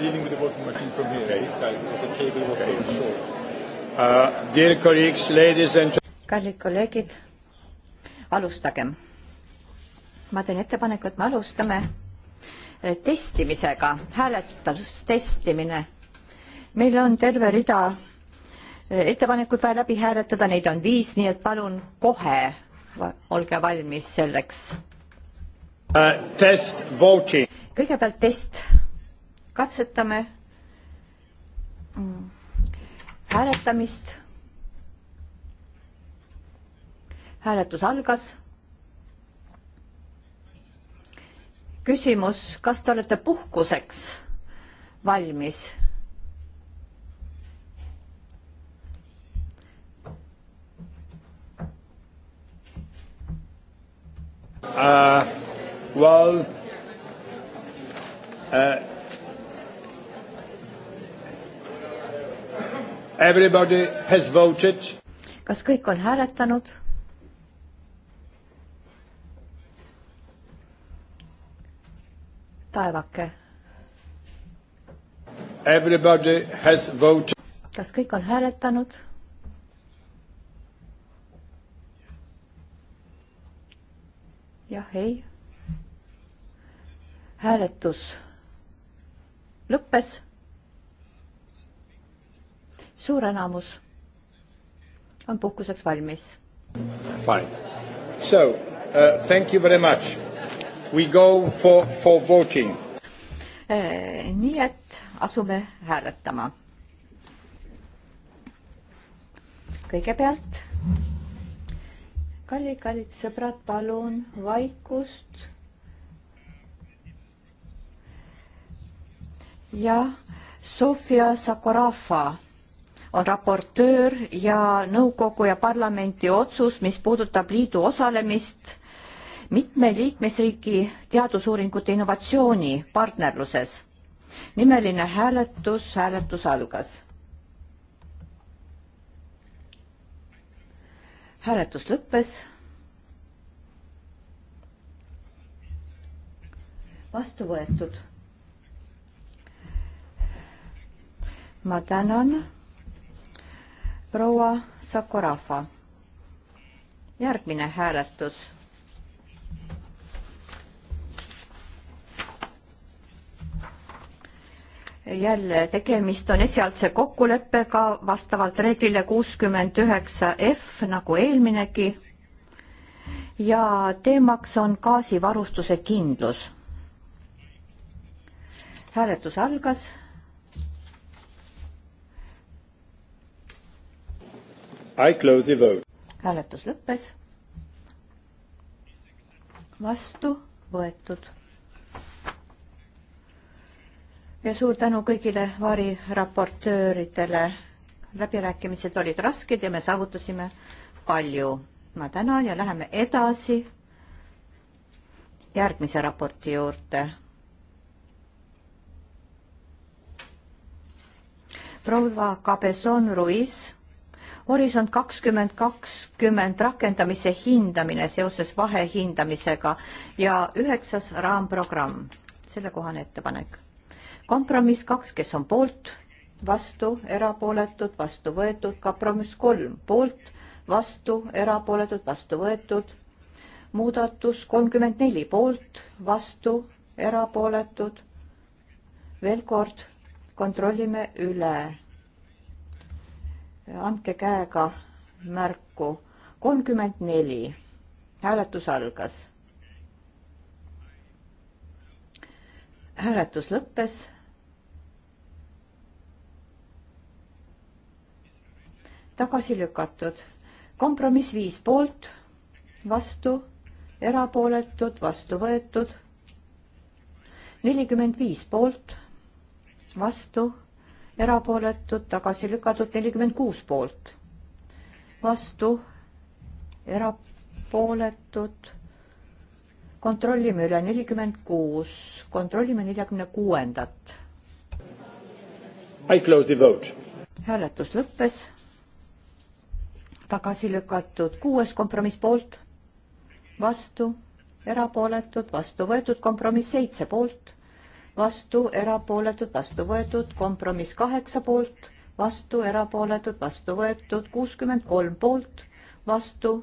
dealing with the working machine from here okay. this side because the cable was okay. so short. Uh, dear colleagues, ladies and kallid kolleegid, alustagem. ma teen ettepaneku, et me alustame eh, testimisega, hääletustestimine. meil on terve rida eh, ettepanekud vaja läbi hääletada, neid on viis, nii et palun kohe olge valmis selleks uh,. kõigepealt test katsetame hääletamist. hääletus algas. küsimus, kas te olete puhkuseks valmis? Uh, well, uh, Everybody has voted. kas kõik on hääletanud? taevake. Everybody has voted. kas kõik on hääletanud? jah, ei. hääletus lõppes suur enamus on puhkuseks valmis. Fine. So uh, thank you very much. We go for, for voting. Äh, nii et asume hääletama. kõigepealt, kallid, kallid sõbrad, palun vaikust. jah, Sofia Sakorafa on raportöör ja nõukogu ja parlamenti otsus, mis puudutab liidu osalemist mitme liikmesriigi teadusuuringute innovatsiooni partnerluses. nimeline hääletus, hääletus algas. hääletus lõppes. vastu võetud. ma tänan proua Sakorafa. järgmine hääletus. jälle tegemist on esialgse kokkuleppega vastavalt reeglile kuuskümmend üheksa F nagu eelminegi. ja teemaks on gaasivarustuse kindlus. hääletus algas I close the vote. hääletus lõppes. vastu võetud. ja suur tänu kõigile variraportööridele. läbirääkimised olid rasked ja me saavutasime palju. ma tänan ja läheme edasi järgmise raporti juurde. proua Cabezon Ruiz Horisont kakskümmend kakskümmend rakendamise hindamine seoses vahehindamisega ja üheksas raamprogramm, sellekohane ettepanek. kompromiss kaks, kes on poolt, vastu, erapooletud, vastu võetud, kompromiss kolm, poolt, vastu, erapooletud, vastu võetud, muudatus kolmkümmend neli, poolt, vastu, erapooletud, veel kord kontrollime üle andke käega märku. kolmkümmend neli, hääletus algas. hääletus lõppes. tagasi lükatud, kompromiss viis poolt, vastu, erapooletud, vastu võetud nelikümmend viis poolt, vastu erapooletud, tagasi lükatud nelikümmend kuus poolt, vastu erapooletud. kontrollime üle nelikümmend kuus, kontrollime neljakümne kuuendat. I close the vote. hääletus lõppes. tagasi lükatud kuues kompromiss poolt, vastu, erapooletud, vastu võetud kompromiss seitse poolt vastu, erapooletud, vastu võetud, kompromiss kaheksa poolt, vastu, erapooletud, vastu võetud, kuuskümmend kolm poolt, vastu,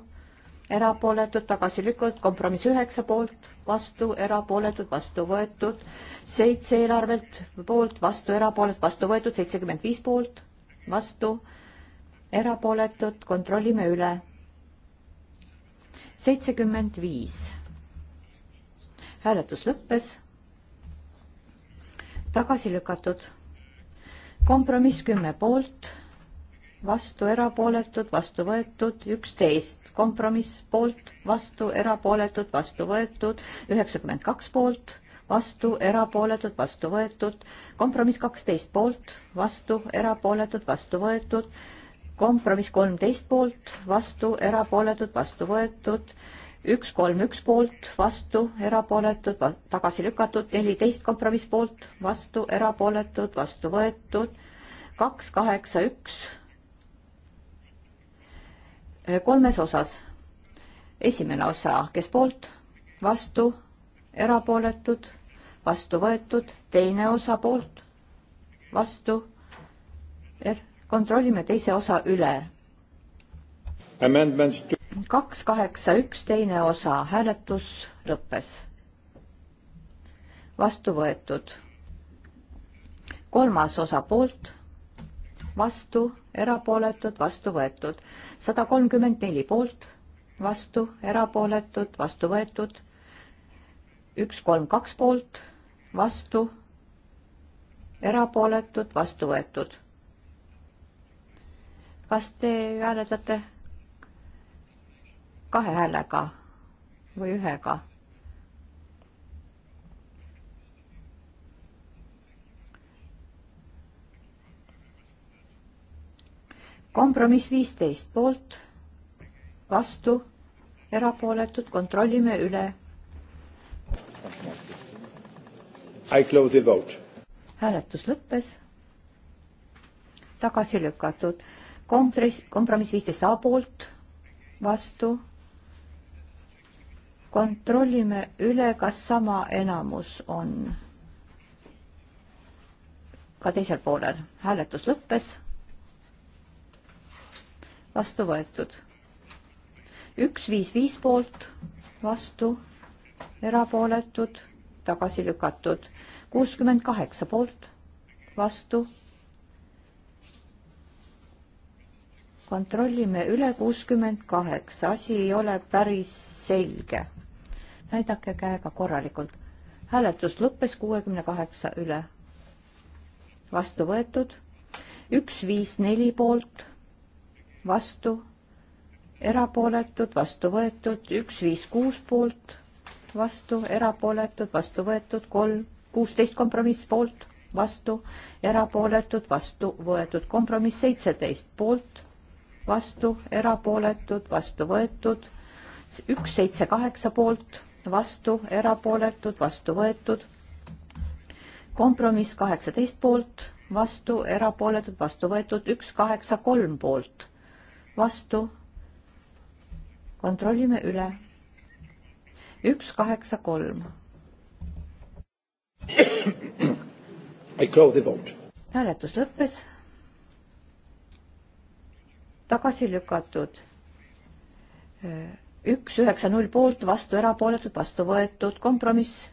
erapooletud, tagasi lükatud, kompromiss üheksa poolt, vastu, erapooletud, vastu võetud, seitse eelarvelt poolt, vastu, erapooletud, vastu võetud, seitsekümmend viis poolt, vastu, erapooletud, kontrollime üle. seitsekümmend viis. hääletus lõppes tagasi lükatud. kompromiss kümme poolt, vastu erapooletud, vastu võetud, üksteist kompromiss poolt, vastu erapooletud, vastu võetud, üheksakümmend kaks poolt, vastu erapooletud, vastu võetud, kompromiss kaksteist poolt, vastu erapooletud, vastu võetud, kompromiss kolmteist poolt, vastu erapooletud, vastu võetud üks, kolm, üks poolt, vastu, erapooletud, tagasi lükatud, neliteist kompromiss poolt, vastu, erapooletud, vastu võetud, kaks, kaheksa, üks, kolmes osas. esimene osa, kes poolt, vastu, erapooletud, vastu võetud, teine osa poolt, vastu er,, kontrollime teise osa üle. Amendment kaks kaheksa üks teine osa, hääletus lõppes. vastu võetud. kolmas osa poolt, vastu, erapooletud, vastu võetud. sada kolmkümmend neli poolt, vastu, erapooletud, vastu võetud. üks kolm kaks poolt, vastu, erapooletud, vastu võetud. kas te hääletate? kahe häälega või ühega. kompromiss viisteist poolt, vastu, erapooletud, kontrollime üle. I close the vote. hääletus lõppes. tagasi lükatud kompromiss, kompromiss viisteist A poolt, vastu, kontrollime üle, kas sama enamus on ka teisel poolel. hääletus lõppes. vastu võetud. üks, viis, viis poolt, vastu, erapooletud, tagasi lükatud. kuuskümmend kaheksa poolt, vastu kontrollime üle kuuskümmend kaheksa, asi ei ole päris selge. näidake käega korralikult. hääletus lõppes kuuekümne kaheksa üle. vastu võetud, üks viis neli poolt, vastu, erapooletud, vastu võetud, üks viis kuus poolt, vastu, erapooletud, vastu võetud, kolm, kuusteist kompromiss poolt, vastu, erapooletud, vastu võetud, kompromiss seitseteist poolt vastu, erapooletud, vastu võetud, üks, seitse, kaheksa poolt, vastu, erapooletud, vastu võetud. kompromiss kaheksateist poolt, vastu, erapooletud, vastu võetud, üks, kaheksa, kolm poolt, vastu. kontrollime üle. üks, kaheksa, kolm. I close the vote. hääletus lõppes tagasi lükatud. üks üheksa null poolt, vastu erapooletud, vastu võetud, kompromiss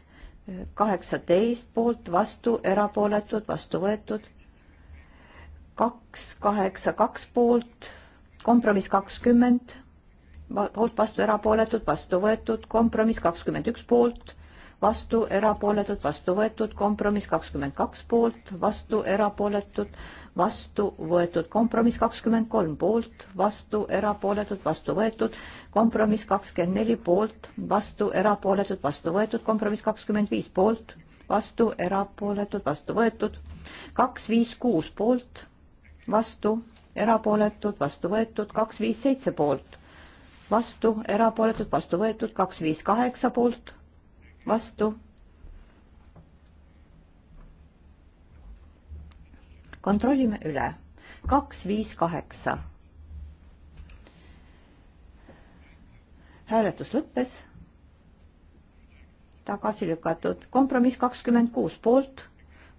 kaheksateist poolt, vastu erapooletud, vastu võetud. kaks kaheksa kaks poolt, kompromiss kakskümmend poolt, vastu erapooletud, vastu võetud, kompromiss kakskümmend üks poolt vastu erapooletud, vastu võetud, kompromiss kakskümmend kaks poolt, vastu erapooletud, vastu võetud, kompromiss kakskümmend kolm poolt, vastu erapooletud, vastu võetud, kompromiss kakskümmend neli poolt, vastu erapooletud, vastu võetud, kompromiss kakskümmend viis poolt, vastu erapooletud, vastu võetud, kaks viis kuus poolt, vastu erapooletud, vastu võetud, kaks viis seitse poolt, vastu erapooletud, vastu võetud, kaks viis kaheksa poolt, vastu kontrollime üle. kaks, viis, kaheksa. hääletus lõppes. tagasi lükatud, kompromiss kakskümmend kuus poolt,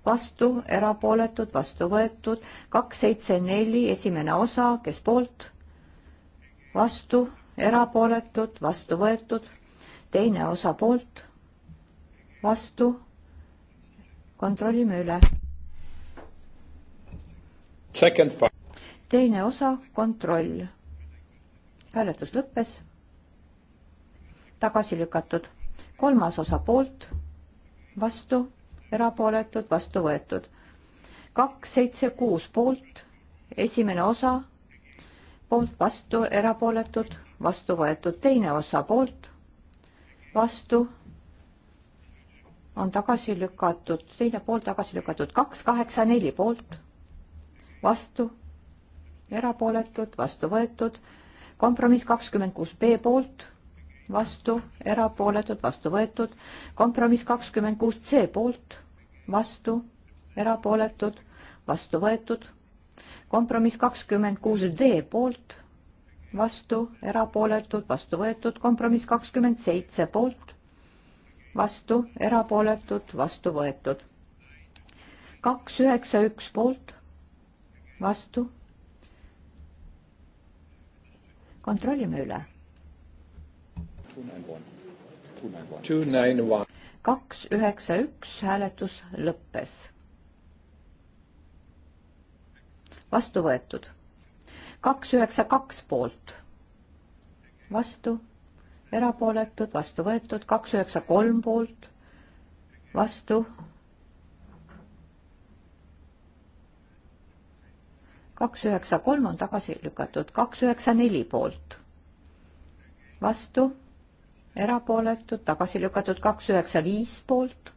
vastu, erapooletud, vastu võetud, kaks, seitse, neli, esimene osa, kes poolt, vastu, erapooletud, vastu võetud, teine osa poolt, vastu, kontrollime üle teine osa, kontroll. hääletus lõppes. tagasi lükatud. kolmas osa poolt, vastu, erapooletud, vastu võetud. kaks, seitse, kuus poolt, esimene osa, poolt, vastu, erapooletud, vastu võetud, teine osa poolt, vastu, on tagasi lükatud, teine pool tagasi lükatud, kaks, kaheksa, neli poolt vastu, erapooletud, vastu võetud. kompromiss kakskümmend kuus B poolt, vastu, erapooletud, vastu võetud. kompromiss kakskümmend kuus C poolt, vastu, erapooletud, vastu võetud. kompromiss kakskümmend kuus D poolt, vastu, erapooletud, vastu võetud. kompromiss kakskümmend seitse poolt, vastu, erapooletud, vastu võetud. kaks üheksa üks poolt vastu. kontrollime üle. kaks üheksa üks hääletus lõppes. vastu võetud. kaks üheksa kaks poolt. vastu erapooletud, vastu võetud, kaks üheksa kolm poolt, vastu kaks üheksa kolm on tagasi lükatud, kaks üheksa neli poolt. vastu, erapooletud, tagasi lükatud, kaks üheksa viis poolt.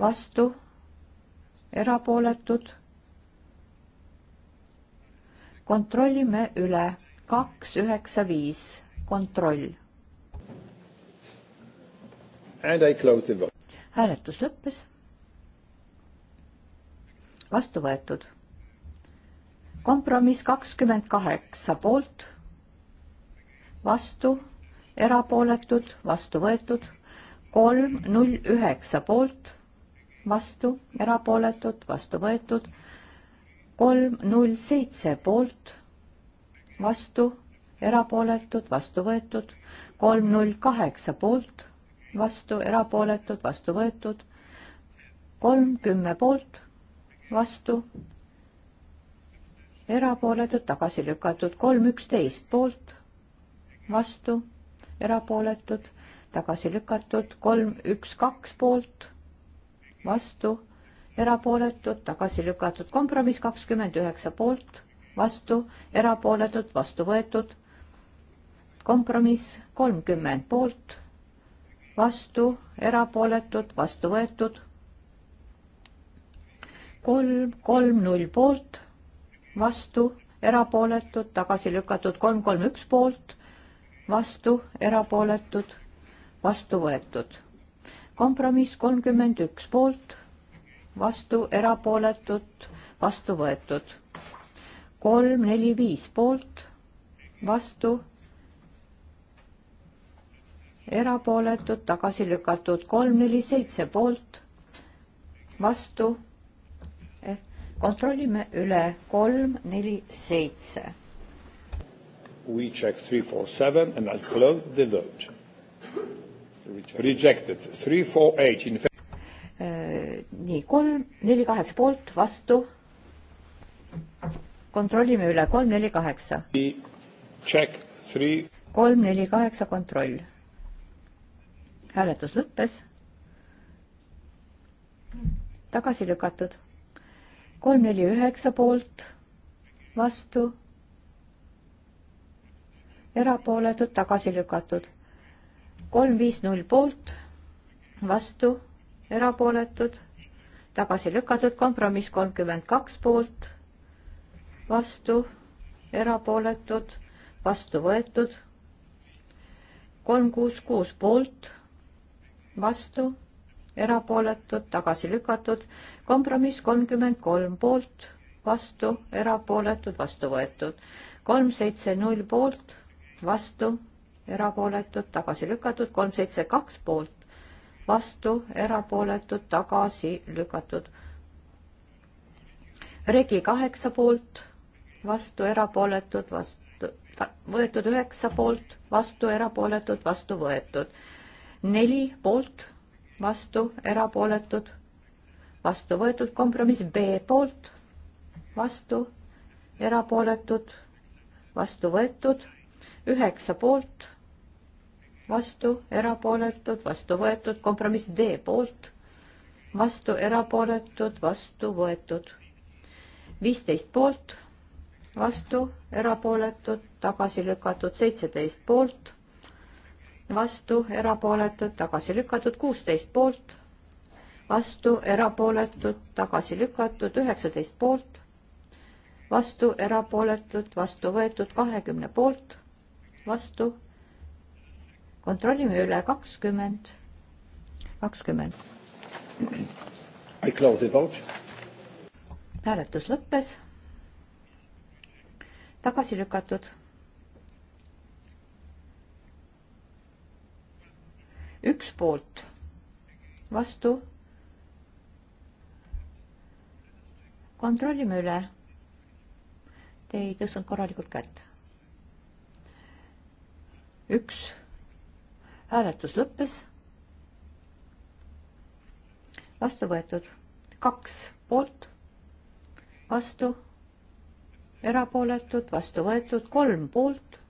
vastu, erapooletud. kontrollime üle, kaks üheksa viis, kontroll. hääletus lõppes. vastu võetud kompromiss kakskümmend kaheksa poolt, vastu, erapooletud, vastu võetud, kolm null üheksa poolt, vastu, erapooletud, vastu võetud, kolm null seitse poolt, vastu, erapooletud, vastu võetud, kolm null kaheksa poolt, vastu, erapooletud, vastu võetud, kolmkümmend poolt, vastu, erapooletud, tagasi lükatud, kolm üksteist poolt, vastu, erapooletud, tagasi lükatud, kolm üks kaks poolt, vastu, erapooletud, tagasi lükatud, kompromiss kakskümmend üheksa poolt, vastu, erapooletud, vastu võetud, kompromiss kolmkümmend poolt, vastu, erapooletud, vastu võetud, kolm, kolm, null poolt vastu, erapooletud, tagasi lükatud kolm, kolm, üks poolt, vastu, erapooletud, vastu võetud. kompromiss kolmkümmend üks poolt, vastu, erapooletud, vastu võetud. kolm, neli, viis poolt, vastu, erapooletud, tagasi lükatud, kolm, neli, seitse poolt, vastu kontrollime üle kolm, neli, seitse. We check three, four, seven and I close the vote. Rejected three, four, eight in favor. Äh, nii kolm, neli, kaheksa poolt, vastu. kontrollime üle kolm, neli, kaheksa. Check three. kolm, neli, kaheksa, kontroll. hääletus lõppes. tagasi lükatud kolm, neli, üheksa poolt, vastu, erapooletud, tagasi lükatud. kolm, viis, null poolt, vastu, erapooletud, tagasi lükatud, kompromiss kolmkümmend kaks poolt, vastu, erapooletud, vastu võetud, kolm, kuus, kuus poolt, vastu erapooletud, tagasi lükatud, kompromiss kolmkümmend kolm poolt, vastu, erapooletud, vastu võetud, kolm seitse null poolt, vastu, erapooletud, tagasi lükatud, kolm seitse kaks poolt, vastu, erapooletud, tagasi lükatud. regi kaheksa poolt, vastu, erapooletud, vastu, võetud üheksa poolt, vastu, erapooletud, vastu võetud, neli poolt vastu, erapooletud, vastu võetud kompromiss B poolt, vastu, erapooletud, vastu võetud, üheksa poolt, vastu, erapooletud, vastu võetud, kompromiss D poolt, vastu, erapooletud, vastu võetud, viisteist poolt, vastu, erapooletud, tagasi lükatud, seitseteist poolt vastu, erapooletud, tagasi lükatud, kuusteist poolt, vastu, erapooletud, tagasi lükatud, üheksateist poolt, vastu, erapooletud, vastu võetud, kahekümne poolt, vastu. kontrollime üle, kakskümmend, kakskümmend. I close the vote. hääletus lõppes. tagasi lükatud üks poolt, vastu. kontrollime üle. Te ei tõstnud korralikult kätt. üks, hääletus lõppes. vastu võetud, kaks poolt, vastu, erapooletud, vastu võetud, kolm poolt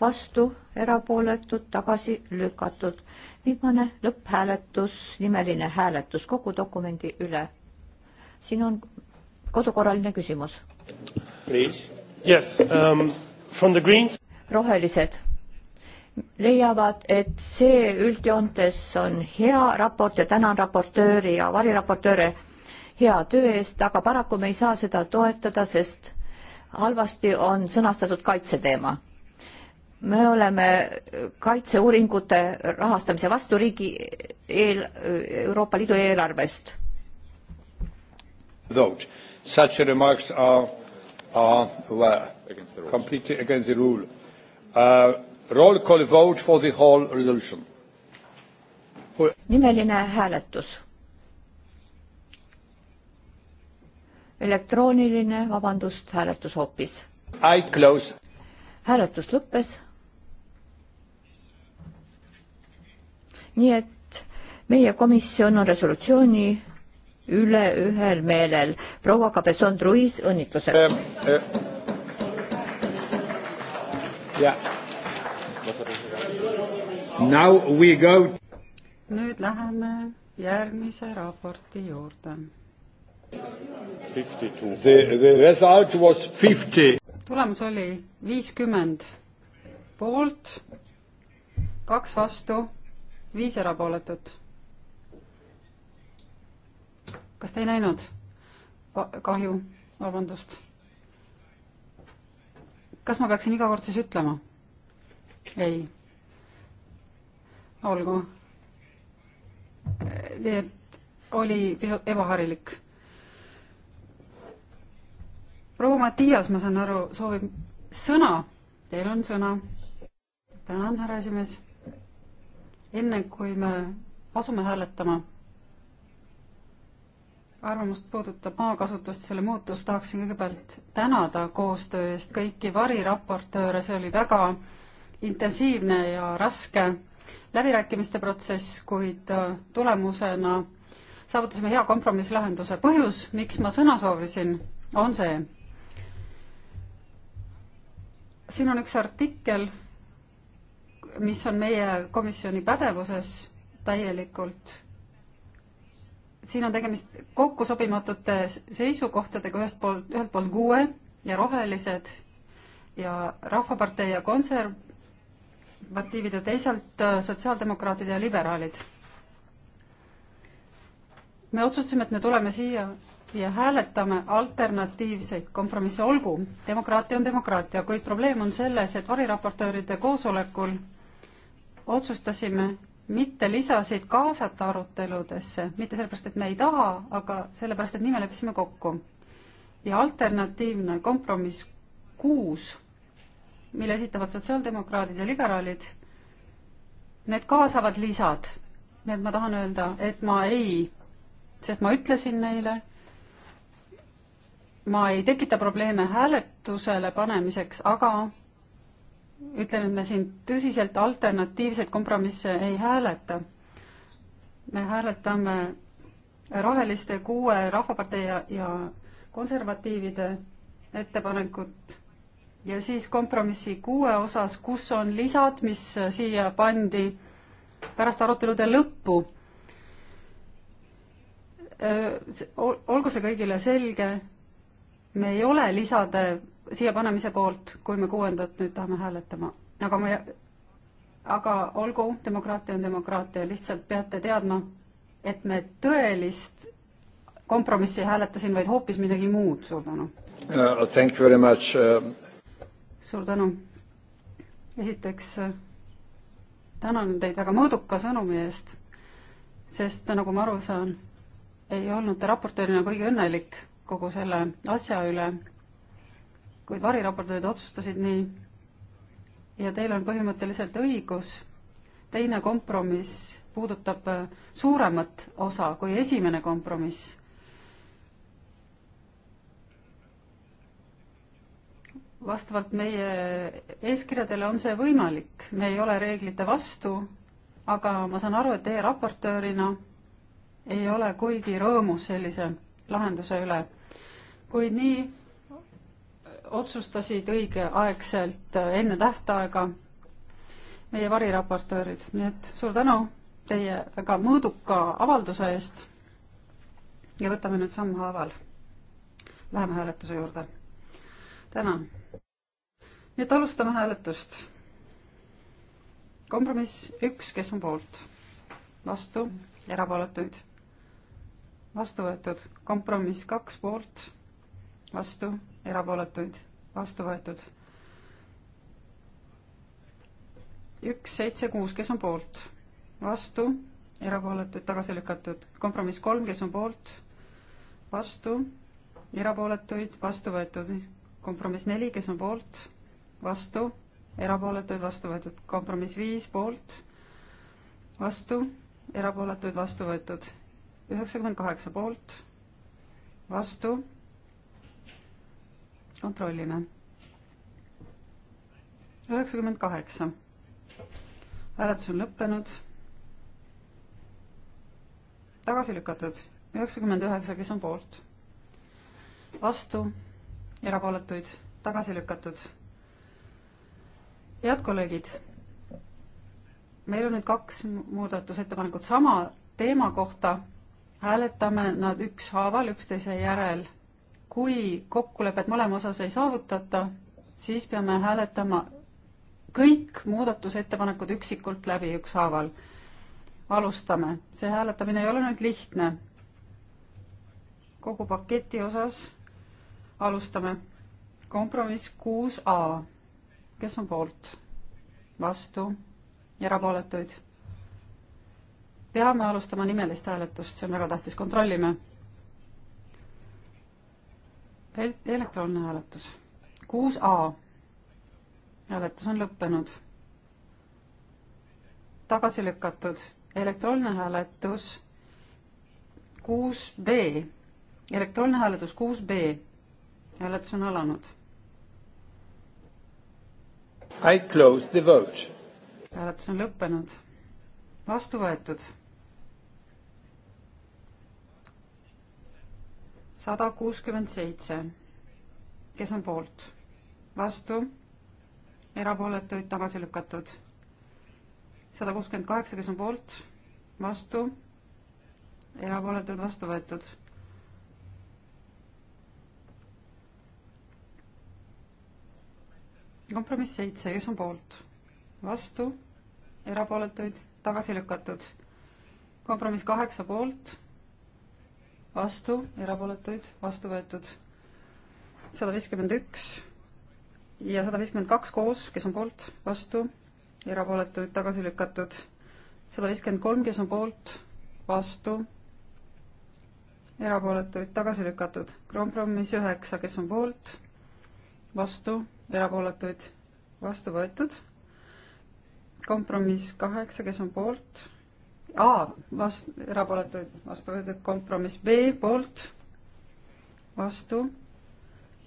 vastu, erapooletud, tagasi lükatud. viimane lõpphääletus, nimeline hääletus kogu dokumendi üle. siin on kodukorraline küsimus. Yes, um, from the Greens. rohelised leiavad, et see üldjoontes on hea raport ja tänan raportööri ja variraportööre hea töö eest, aga paraku me ei saa seda toetada, sest halvasti on sõnastatud kaitseteema me oleme kaitseuuringute rahastamise vastu riigi eel, Euroopa Liidu eelarvest. Such remarks are, are well, completely against the rule uh,. Roll call vote for the whole resolution. nimeline hääletus. elektrooniline, vabandust, hääletus hoopis. I close. hääletus lõppes nii et meie komisjon on resolutsiooni üle ühel meelel. proua Cabezon-Ruiz, õnnitlused ähm,. Äh. Now we go. nüüd läheme järgmise raporti juurde. The, the result was fifty. tulemus oli viiskümmend poolt, kaks vastu viis erapooletut. kas te ei näinud? kahju, vabandust. kas ma peaksin iga kord siis ütlema? ei. olgu. nii et oli pisut ebaharilik. proua Mattias, ma saan aru, soovib sõna. Teil on sõna. tänan, härra esimees enne kui me asume hääletama arvamust puudutab maakasutust, selle muutust, tahaksin kõigepealt tänada koostöö eest kõiki variraportööre, see oli väga intensiivne ja raske läbirääkimiste protsess, kuid äh, tulemusena saavutasime hea kompromisslahenduse. põhjus, miks ma sõna soovisin, on see. siin on üks artikkel mis on meie komisjoni pädevuses täielikult. siin on tegemist kokkusobimatute seisukohtadega ühest poolt, ühelt poolt kuue ja rohelised ja Rahvapartei ja konservatiivid ja teisalt äh, sotsiaaldemokraadid ja liberaalid. me otsustasime, et me tuleme siia ja hääletame alternatiivseid kompromisse, olgu, demokraatia on demokraatia, kuid probleem on selles, et variraportööride koosolekul otsustasime mitte lisasid kaasata aruteludesse, mitte sellepärast, et me ei taha, aga sellepärast, et nii me leppisime kokku. ja alternatiivne kompromiss kuus, mille esitavad sotsiaaldemokraadid ja liberaalid, need kaasavad lisad. nii et ma tahan öelda, et ma ei, sest ma ütlesin neile, ma ei tekita probleeme hääletusele panemiseks, aga ütlen, et me siin tõsiselt alternatiivseid kompromisse ei hääleta. me hääletame roheliste kuue Rahvapartei ja, ja konservatiivide ettepanekut ja siis kompromissi kuue osas, kus on lisad, mis siia pandi pärast arutelude lõppu. olgu see kõigile selge, me ei ole lisade siia panemise poolt, kui me kuuendat nüüd tahame hääletama, aga ma, aga olgu, demokraatia on demokraatia, lihtsalt peate teadma, et me tõelist kompromissi ei hääleta siin, vaid hoopis midagi muud, suur tänu uh,. Thank you very much uh.... suur tänu. esiteks tänan teid väga mõõduka sõnumi eest, sest nagu ma aru saan, ei olnud te raportöörina kõige õnnelik kogu selle asja üle kuid variraportöörid otsustasid nii. ja teil on põhimõtteliselt õigus, teine kompromiss puudutab äh, suuremat osa kui esimene kompromiss. vastavalt meie eeskirjadele on see võimalik, me ei ole reeglite vastu, aga ma saan aru, et teie raportöörina ei ole kuigi rõõmus sellise lahenduse üle. kuid nii otsustasid õigeaegselt enne tähtaega meie variraportöörid, nii et suur tänu teie väga mõõduka avalduse eest ja võtame nüüd sammhaaval. Läheme hääletuse juurde. tänan. nii et alustame hääletust. kompromiss üks, kes on poolt, vastu, erapooletuid, vastu võetud, kompromiss kaks poolt, vastu erapooletuid, vastu võetud. üks, seitse, kuus, kes on poolt? vastu, erapooletuid tagasi lükatud. kompromiss kolm, kes on poolt? vastu, erapooletuid, vastu võetud. kompromiss neli, kes on poolt? vastu, erapooletuid, vastu võetud. kompromiss viis, poolt? vastu, erapooletuid, vastu võetud. üheksakümmend kaheksa poolt, vastu kontrollime. üheksakümmend kaheksa. hääletus on lõppenud. tagasi lükatud. üheksakümmend üheksa, kes on poolt? vastu, erapooletuid, tagasi lükatud. head kolleegid, meil on nüüd kaks muudatusettepanekut sama teema kohta hääletame nad ükshaaval üksteise järel kui kokkulepet mõlema osas ei saavutata, siis peame hääletama kõik muudatusettepanekud üksikult läbi ükshaaval. alustame, see hääletamine ei ole nüüd lihtne. kogu paketi osas alustame. kompromiss kuus A, kes on poolt, vastu, erapooletuid? peame alustama nimelist hääletust, see on väga tähtis, kontrollime elektrooniline hääletus. kuus A. hääletus on lõppenud. tagasi lükatud. elektrooniline hääletus kuus B. elektrooniline hääletus kuus B. hääletus on alanud. I close the vote. hääletus on lõppenud. vastu võetud sada kuuskümmend seitse. kes on poolt? vastu? erapooletuid tagasi lükatud. sada kuuskümmend kaheksa, kes on poolt? vastu? erapooletuid vastu võetud. kompromiss seitse, kes on poolt? vastu? erapooletuid tagasi lükatud. kompromiss kaheksa poolt vastu, erapooletuid, vastu võetud sada viiskümmend üks ja sada viiskümmend kaks koos, kes on poolt, vastu, erapooletuid tagasi lükatud, sada viiskümmend kolm, kes on poolt, vastu, erapooletuid tagasi lükatud, kompromiss üheksa, kes on poolt, vastu, erapooletuid vastu võetud, kompromiss kaheksa, kes on poolt A vast-, erapooletuid vastu võetud, kompromiss B poolt, vastu,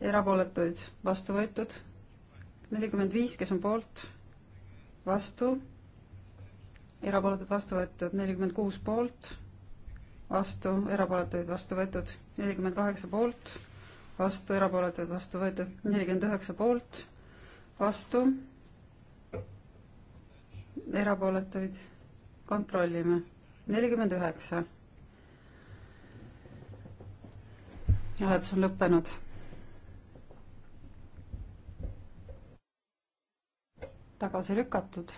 erapooletuid vastu võetud, nelikümmend viis, kes on poolt, vastu, erapooletud vastu võetud, nelikümmend kuus poolt, vastu, erapooletuid vastu võetud, nelikümmend kaheksa poolt, vastu, erapooletuid vastu võetud, nelikümmend üheksa poolt, vastu, erapooletuid kontrollime. nelikümmend üheksa. hääletus on lõppenud. tagasi lükatud.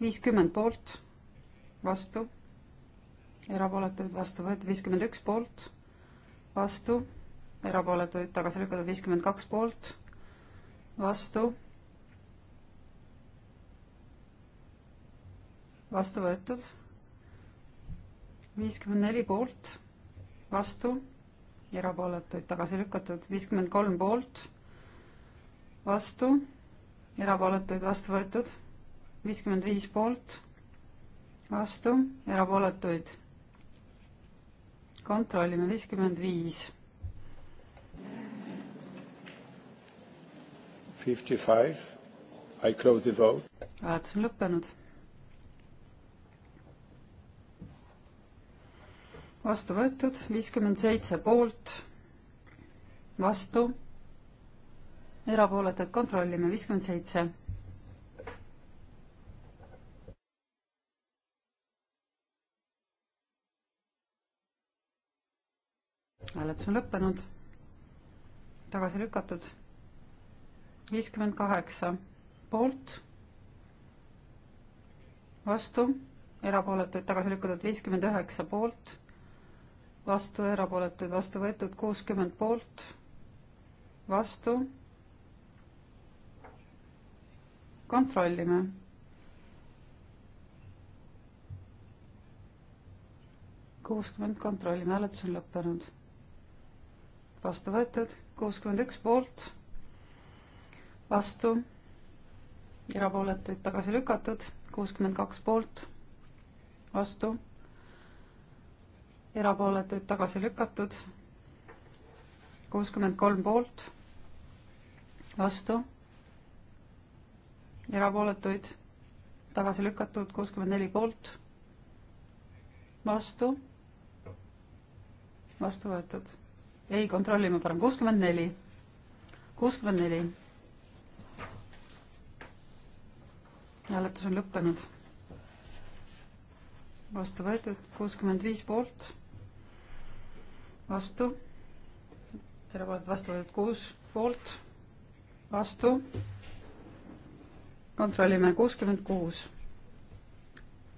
viiskümmend poolt, vastu, erapooletuid vastu võetud, viiskümmend üks poolt, vastu, erapooletuid tagasi lükatud, viiskümmend kaks poolt, vastu vastu võetud, viiskümmend neli poolt, vastu, erapooletuid tagasi lükatud, viiskümmend kolm poolt, vastu, erapooletuid vastu võetud, viiskümmend viis poolt, vastu, erapooletuid. kontrollime, viiskümmend viis. Fifty-five, I close the vote. hääletus on lõppenud vastu võetud, viiskümmend seitse poolt, vastu, erapooletud kontrollime, viiskümmend seitse. hääletus on lõppenud, tagasi lükatud, viiskümmend kaheksa poolt, vastu, erapooletuid tagasi lükatud viiskümmend üheksa poolt vastu, erapooletuid vastu võetud kuuskümmend poolt, vastu. kontrollime. kuuskümmend kontrollime, hääletus on lõppenud. vastu võetud kuuskümmend üks poolt, vastu, erapooletuid tagasi lükatud, kuuskümmend kaks poolt, vastu erapooletuid tagasi lükatud, kuuskümmend kolm poolt, vastu, erapooletuid tagasi lükatud, kuuskümmend neli poolt, vastu, vastu võetud. ei, kontrollime parem, kuuskümmend neli, kuuskümmend neli. hääletus on lõppenud vastu võetud, kuuskümmend viis poolt, vastu, erapooletud vastu võetud kuus poolt, vastu, kontrollime kuuskümmend kuus.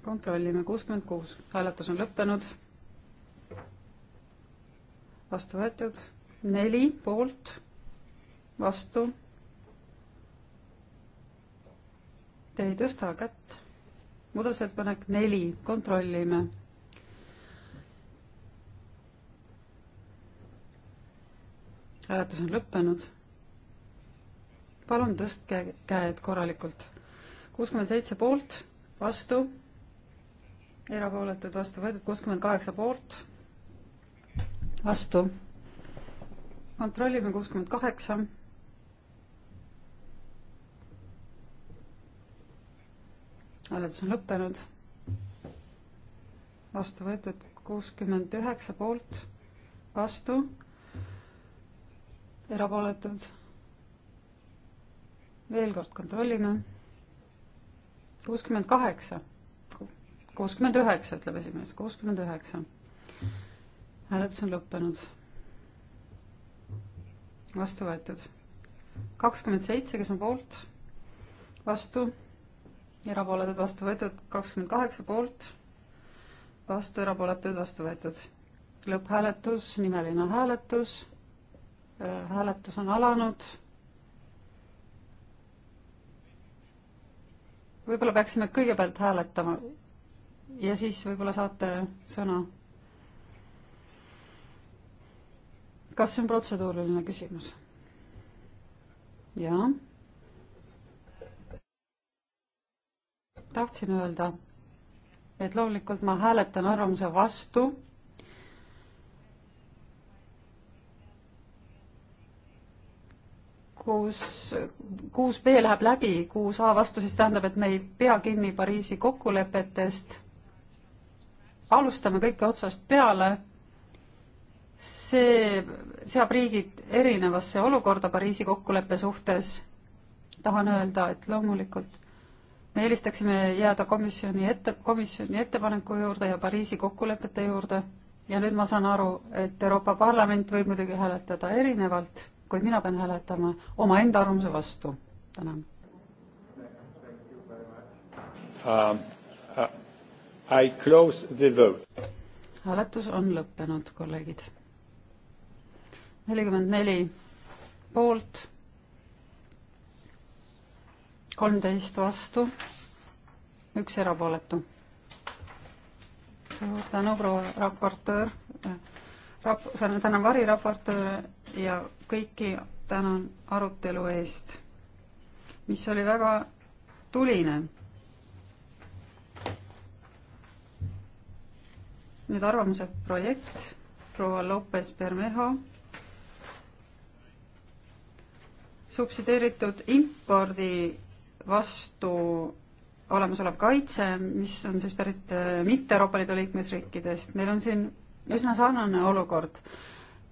kontrollime kuuskümmend kuus, hääletus on lõppenud. vastu võetud, neli poolt, vastu. Te ei tõsta kätt. muudatusettepanek neli, kontrollime hääletus on lõppenud. palun tõstke käed korralikult. kuuskümmend seitse poolt, vastu, erapooletud, vastu võetud, kuuskümmend kaheksa poolt, vastu. kontrollime kuuskümmend kaheksa hääletus on lõppenud. vastu võetud kuuskümmend üheksa poolt, vastu, erapooletud. veel kord kontrollime. kuuskümmend kaheksa, kuuskümmend üheksa, ütleb esimees, kuuskümmend üheksa. hääletus on lõppenud. vastu võetud. kakskümmend seitse, kes on poolt, vastu, erapooletud, vastu võetud, kakskümmend kaheksa poolt, vastu, erapooletud, vastu võetud lõpphääletus, nimeline hääletus Äh, hääletus on alanud. võib-olla peaksime kõigepealt hääletama ja siis võib-olla saate sõna. kas see on protseduuriline küsimus? jaa. tahtsin öelda, et loomulikult ma hääletan arvamuse vastu kus kuus B läheb läbi kuus A vastu, siis tähendab, et me ei pea kinni Pariisi kokkulepetest. alustame kõike otsast peale. see seab riigid erinevasse olukorda Pariisi kokkuleppe suhtes. tahan öelda, et loomulikult me eelistaksime jääda komisjoni ette, komisjoni ettepaneku juurde ja Pariisi kokkulepete juurde ja nüüd ma saan aru, et Euroopa Parlament võib muidugi hääletada erinevalt kuid mina pean hääletama omaenda arvamuse vastu. tänan um,. Uh, I close the vote. hääletus on lõppenud, kolleegid. nelikümmend neli poolt, kolmteist vastu, üks erapooletu. suur tänu, proua raportöör rap-, tänan variraportööre ja kõiki tänan arutelu eest, mis oli väga tuline. nüüd arvamuse projekt, proua Lopez Bermejo. subsideeritud impordi vastu olemasolev kaitse, mis on siis pärit äh, mitte Euroopa Liidu liikmesriikidest, meil on siin üsna sarnane olukord.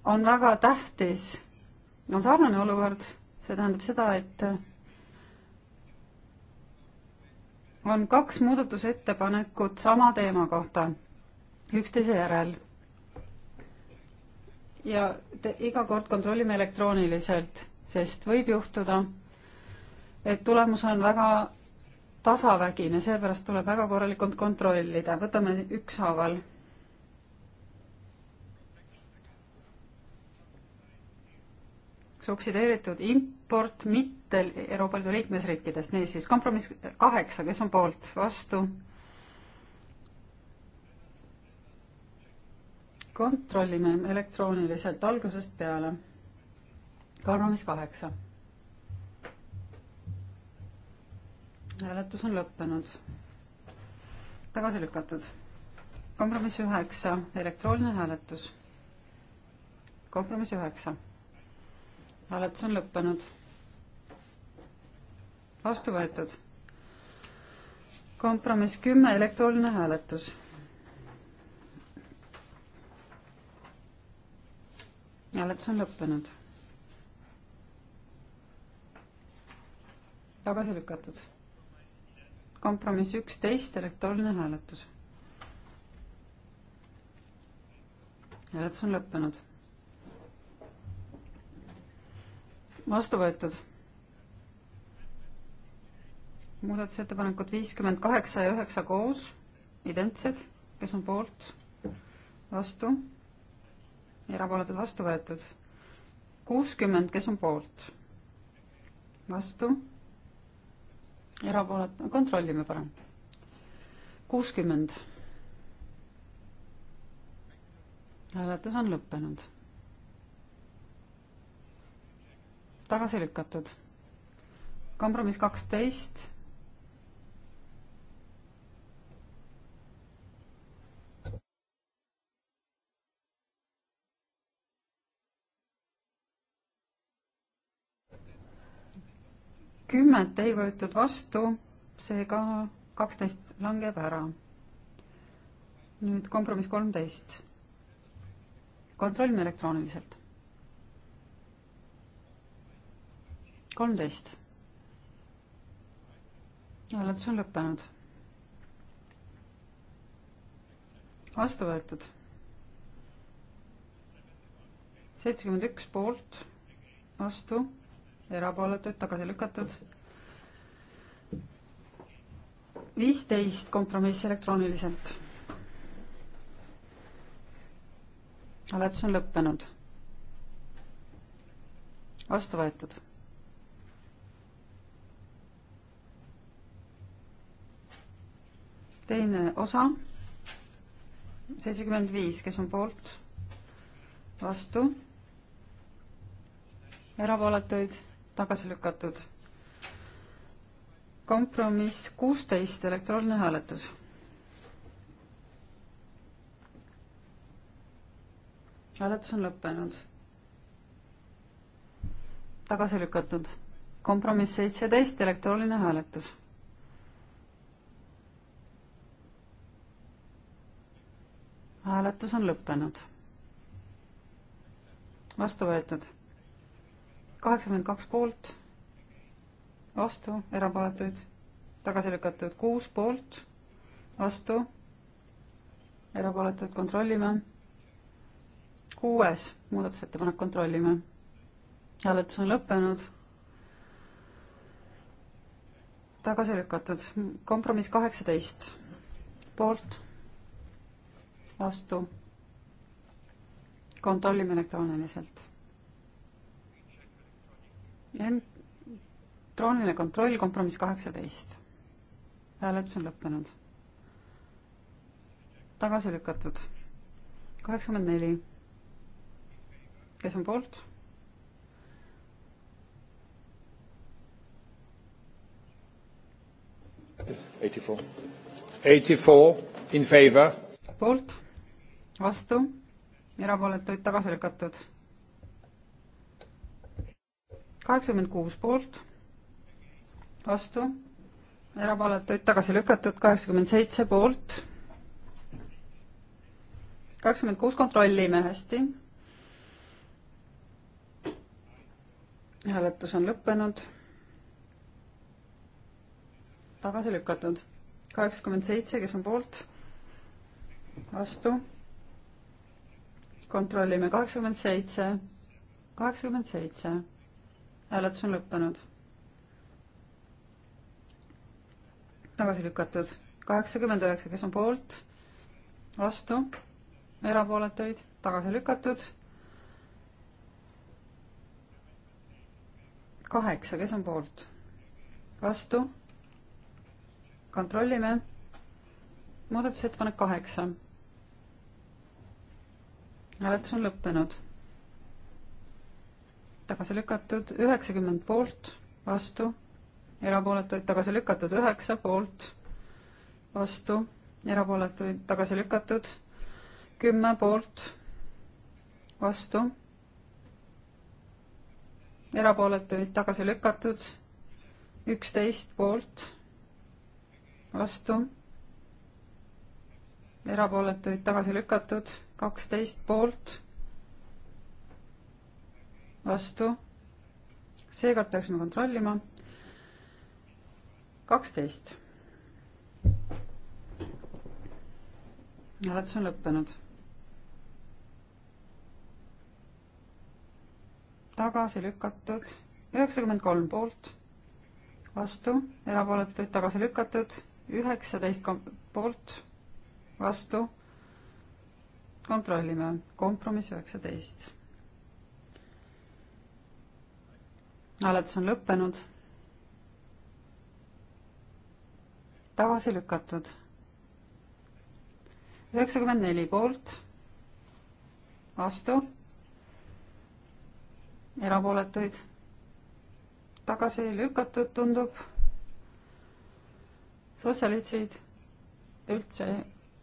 on väga tähtis, on sarnane olukord, see tähendab seda, et on kaks muudatusettepanekut sama teema kohta üksteise järel. ja te, iga kord kontrollime elektrooniliselt, sest võib juhtuda, et tulemus on väga tasavägine, seepärast tuleb väga korralikult kontrollida, võtame ükshaaval subsideeritud import mitte Euroopa Liidu liikmesriikidest, niisiis kompromiss kaheksa, kes on poolt, vastu? kontrollime elektrooniliselt algusest peale. kompromiss kaheksa. hääletus on lõppenud. tagasi lükatud. kompromiss üheksa, elektrooniline hääletus. kompromiss üheksa hääletus on lõppenud. vastu võetud. kompromiss kümme, elektrooniline hääletus. hääletus on lõppenud. tagasi lükatud. kompromiss üksteist, elektrooniline hääletus. hääletus on lõppenud vastu võetud. muudatusettepanekud viiskümmend kaheksa ja üheksa koos, identsed, kes on poolt, vastu, erapooletud vastu võetud. kuuskümmend, kes on poolt, vastu, erapooletu, kontrollime parem. kuuskümmend hääletus on lõppenud tagasi lükatud. kompromiss kaksteist. kümmet ei võetud vastu, seega kaksteist langeb ära. nüüd kompromiss kolmteist. kontrollime elektrooniliselt. kolmteist. hääletus on lõppenud. vastu võetud. seitsekümmend üks poolt, vastu, erapooletud, tagasi lükatud. viisteist kompromiss elektrooniliselt. hääletus on lõppenud. vastu võetud teine osa, seitsekümmend viis, kes on poolt, vastu, erapooletuid, tagasi lükatud. kompromiss kuusteist, elektrooniline hääletus hääletus on lõppenud. tagasi lükatud. kompromiss seitseteist, elektrooniline hääletus. hääletus on lõppenud. vastu võetud. kaheksakümmend kaks poolt, vastu, erapooletuid, tagasi lükatud kuus poolt, vastu, erapooletuid kontrollime. kuues muudatusettepanek kontrollime. hääletus on lõppenud. tagasi lükatud, kompromiss kaheksateist poolt vastu. kontrollime elektrooniliselt. elektrooniline kontroll, kompromiss kaheksateist. hääletus on lõppenud. tagasi lükatud. kaheksakümmend neli. kes on poolt? Eighty four. Eighty four in favor. poolt vastu, erapooletuid tagasi lükatud. kaheksakümmend kuus poolt, vastu, erapooletuid tagasi lükatud, kaheksakümmend seitse poolt, kakskümmend kuus kontrollime hästi. hääletus on lõppenud. tagasi lükatud kaheksakümmend seitse, kes on poolt, vastu kontrollime kaheksakümmend seitse, kaheksakümmend seitse. hääletus on lõppenud. tagasi lükatud kaheksakümmend üheksa, kes on poolt, vastu, erapooletuid, tagasi lükatud. kaheksa, kes on poolt, vastu, kontrollime, muudatusettepanek kaheksa hääletus on lõppenud. tagasi lükatud üheksakümmend poolt, vastu, erapooletuid tagasi lükatud üheksa poolt, vastu, erapooletuid tagasi lükatud kümme poolt, vastu, erapooletuid tagasi lükatud üksteist poolt, vastu, erapooletuid tagasi lükatud kaksteist poolt, vastu, seega peaksime kontrollima, kaksteist. hääletus on lõppenud. tagasi lükatud üheksakümmend kolm poolt, vastu, erapooletuid tagasi lükatud, üheksateist poolt, vastu kontrollime, kompromiss üheksateist. hääletus on lõppenud. tagasi lükatud. üheksakümmend neli poolt, vastu, erapooletuid, tagasi lükatud, tundub, sotsialistid üldse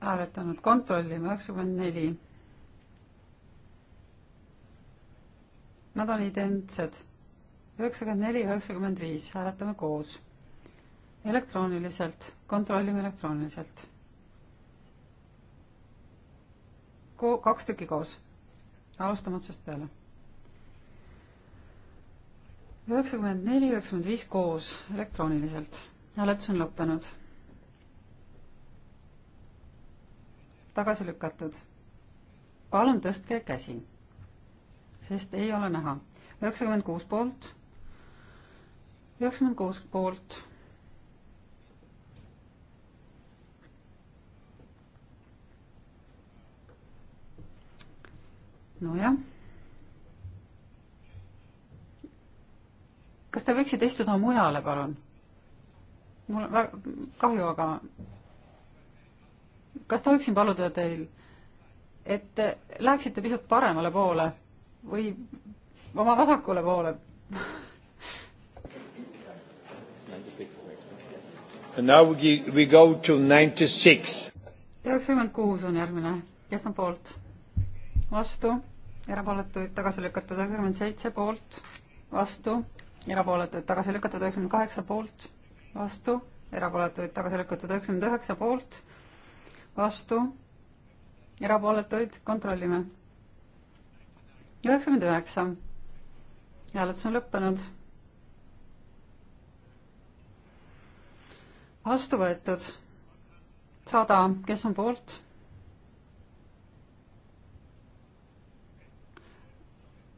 hääletanud, kontrollime, üheksakümmend neli. Nad on identsed. üheksakümmend neli, üheksakümmend viis, hääletame koos. elektrooniliselt, kontrollime elektrooniliselt. Ko-, kaks tükki koos. alustame otsast peale. üheksakümmend neli, üheksakümmend viis koos, elektrooniliselt. hääletus on lõppenud tagasi lükatud. palun tõstke käsi, sest ei ole näha. üheksakümmend kuus poolt, üheksakümmend kuus poolt. nojah. kas te võiksite istuda mujale, palun? mul on väga kahju, aga kas tohiksin paluda teil, et läheksite pisut paremale poole või oma vasakule poole üheksakümmend kuus on järgmine, kes on poolt? vastu, erapooletuid tagasi lükatud üheksakümmend seitse poolt, vastu, erapooletuid tagasi lükatud üheksakümmend kaheksa poolt, vastu, erapooletuid tagasi lükatud üheksakümmend üheksa poolt vastu, erapooletuid kontrollime. üheksakümmend üheksa. hääletus on lõppenud. vastu võetud sada, kes on poolt?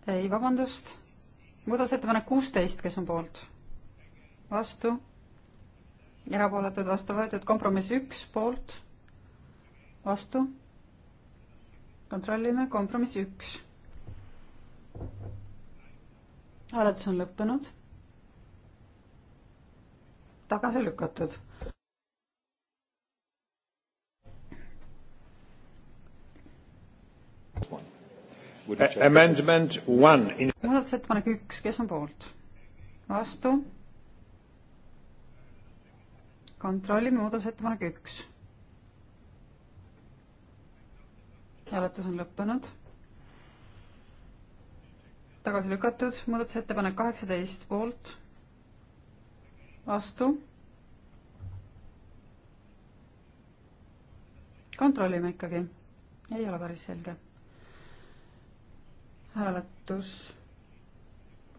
ei, vabandust, muudatusettepanek kuusteist, kes on poolt? vastu, erapooletud, vastu võetud, kompromiss üks poolt vastu. kontrollime, kompromiss üks. hääletus on lõppenud. tagasi lükatud. Amendment one in.... muudatusettepanek üks, kes on poolt? vastu. kontrollime muudatusettepanek üks hääletus on lõppenud. tagasi lükatud, muudatusettepanek kaheksateist poolt, vastu. kontrollime ikkagi, ei ole päris selge. hääletus,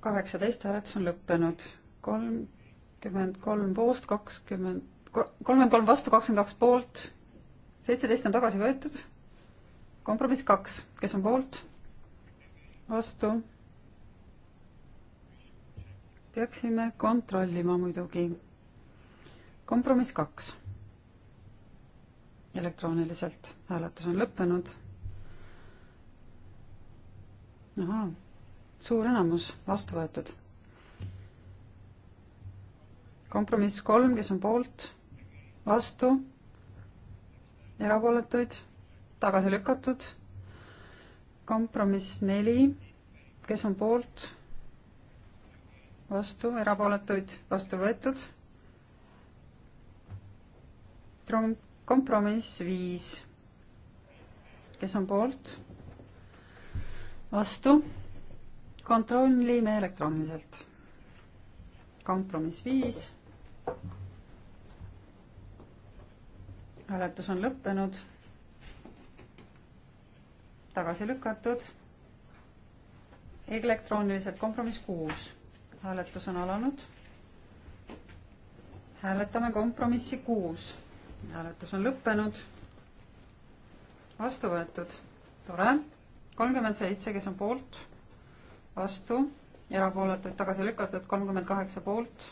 kaheksateist hääletus on lõppenud, kolmkümmend kolm poolt, kakskümmend, kolmkümmend kolm vastu, kakskümmend kaks poolt, seitseteist on tagasi võetud kompromiss kaks, kes on poolt? vastu? peaksime kontrollima muidugi. kompromiss kaks. elektrooniliselt hääletus on lõppenud. ahaa, suur enamus vastu võetud. kompromiss kolm, kes on poolt? vastu? erapooletuid? tagasi lükatud. kompromiss neli, kes on poolt? vastu, erapooletuid vastu võetud. kompromiss viis, kes on poolt? vastu, kontrollime elektrooniliselt. kompromiss viis hääletus on lõppenud tagasi lükatud. elektrooniliselt kompromiss kuus. hääletus on alanud. hääletame kompromissi kuus. hääletus on lõppenud. vastu võetud. tore. kolmkümmend seitse, kes on poolt, vastu, erapooletuid tagasi lükatud, kolmkümmend kaheksa poolt,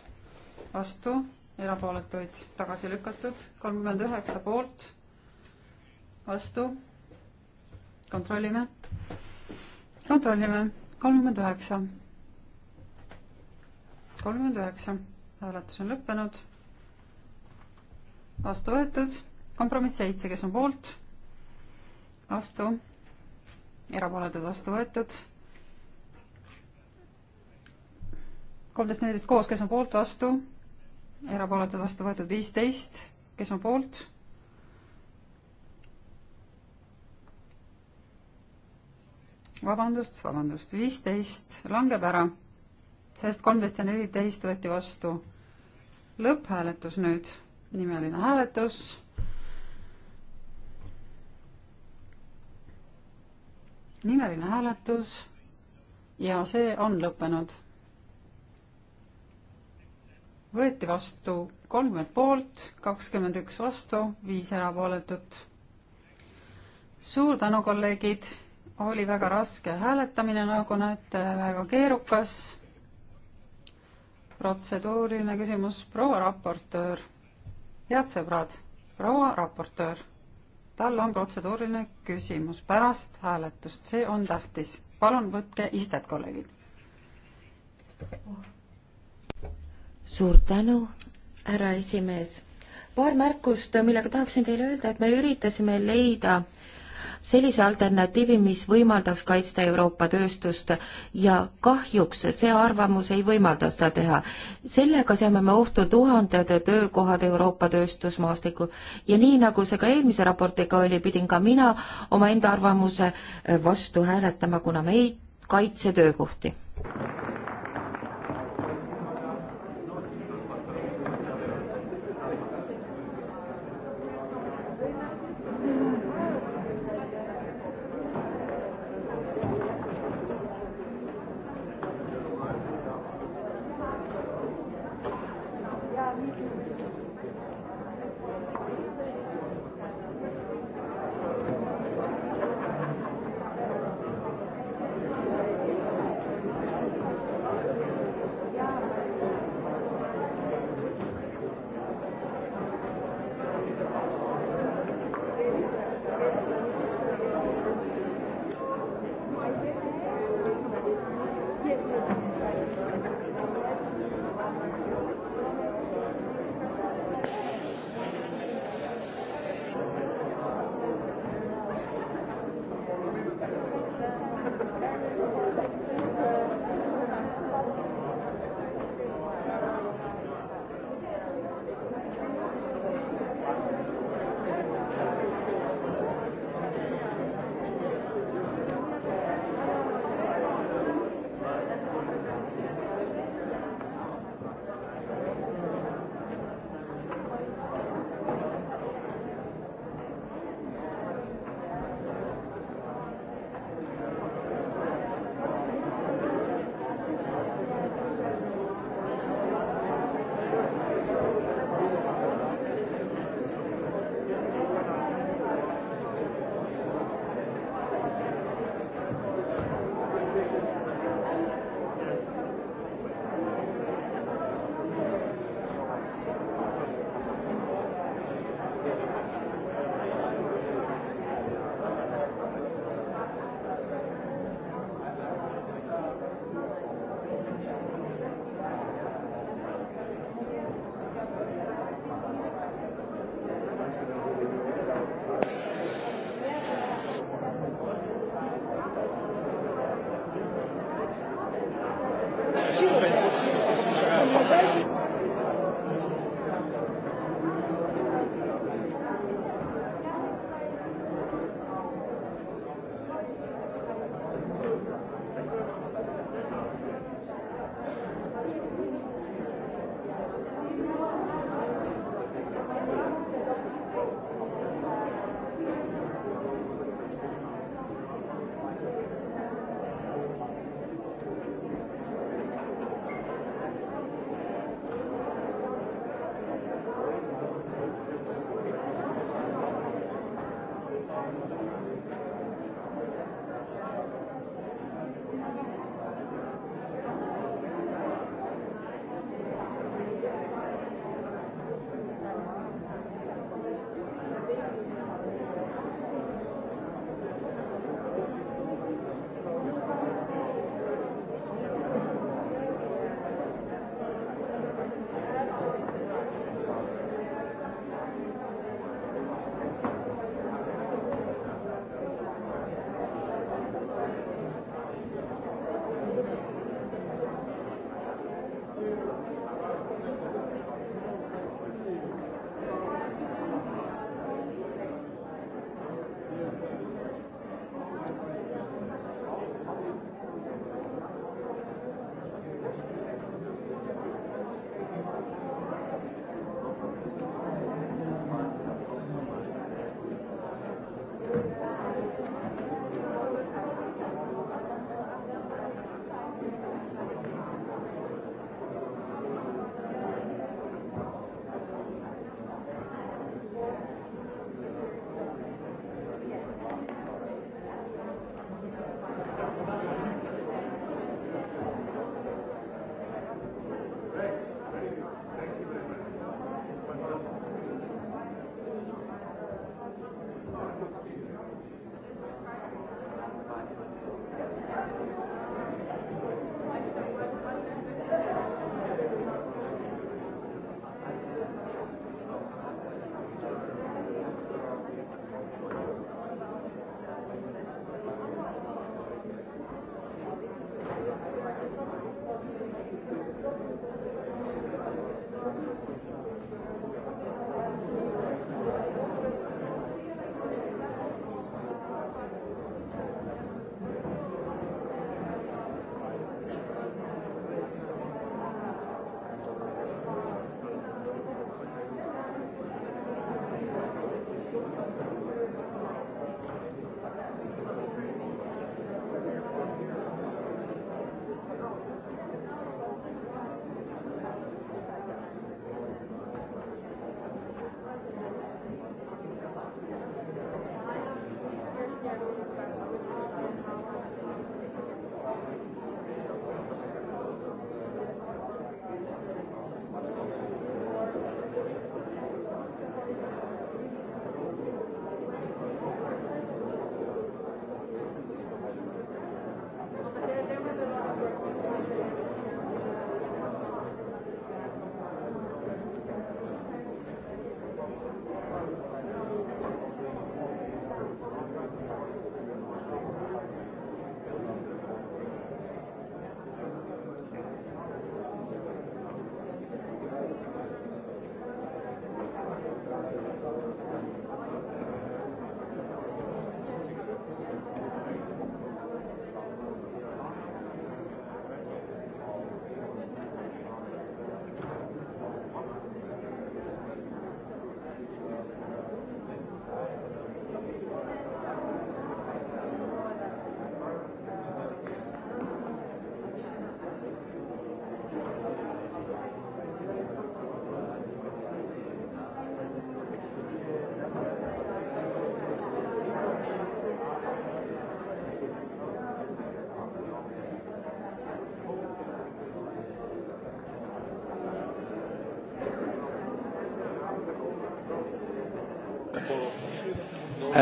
vastu, erapooletuid tagasi lükatud, kolmkümmend üheksa poolt, vastu kontrollime, kontrollime, kolmkümmend üheksa, kolmkümmend üheksa, hääletus on lõppenud, vastu võetud, kompromiss seitse, kes on poolt, vastu, erapooletud vastu võetud, kolmteist, neliteist koos, kes on poolt, vastu, erapooletud vastu võetud viisteist, kes on poolt vabandust, vabandust, viisteist langeb ära, sest kolmteist ja neliteist võeti vastu. lõpphääletus nüüd, nimeline hääletus. nimeline hääletus ja see on lõppenud. võeti vastu kolmkümmend poolt, kakskümmend üks vastu, viis erapooletut. suur tänu, kolleegid oli väga raske hääletamine, nagu näete, väga keerukas. protseduuriline küsimus, proua raportöör. head sõbrad, proua raportöör, tal on protseduuriline küsimus pärast hääletust, see on tähtis. palun võtke istet, kolleegid. suur tänu, härra esimees paar märkust, millega tahaksin teile öelda, et me üritasime leida äh, sellise alternatiivi, mis võimaldaks kaitsta Euroopa tööstust ja kahjuks see arvamus ei võimalda seda teha. sellega seame me ohtu tuhanded töökohad Euroopa tööstusmaastikul ja nii, nagu see ka eelmise raportiga oli, pidin ka mina omaenda arvamuse vastu hääletama, kuna me ei kaitse töökohti.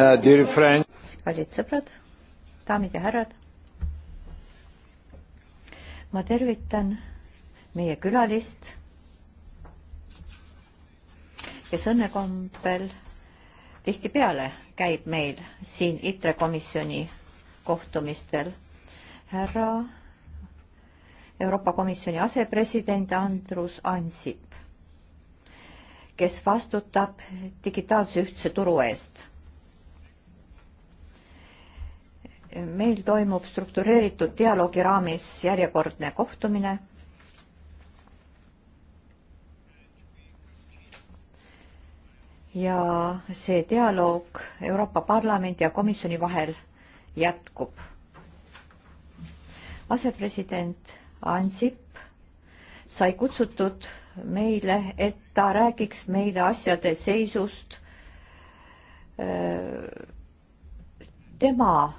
Uh, kallid sõbrad, daamid ja härrad. ma tervitan meie külalist, kes õnnekombel tihtipeale käib meil siin ITRE komisjoni kohtumistel. härra Euroopa Komisjoni asepresident Andrus Ansip, kes vastutab digitaalse ühtse turu eest meil toimub struktureeritud dialoogi raamis järjekordne kohtumine. ja see dialoog Euroopa Parlamendi ja komisjoni vahel jätkub. asepresident Ansip sai kutsutud meile, et ta räägiks meile asjade seisust äh, tema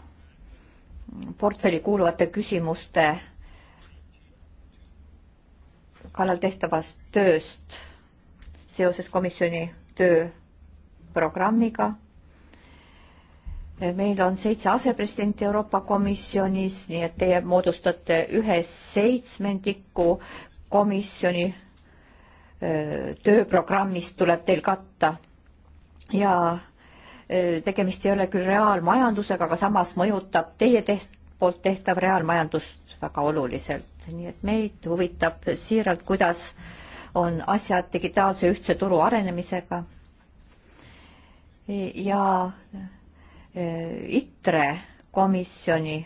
portfelli kuuluvate küsimuste kallal tehtavast tööst seoses komisjoni tööprogrammiga. meil on seitse asepresidenti Euroopa Komisjonis, nii et teie moodustate ühe seitsmendiku komisjoni tööprogrammist tuleb teil katta ja Äh, tegemist ei ole küll reaalmajandusega, aga samas mõjutab teie teht-, poolt tehtav reaalmajandust väga oluliselt. nii et meid huvitab siiralt, kuidas on asjad digitaalse ühtse turu arenemisega. ja äh, ITRE komisjoni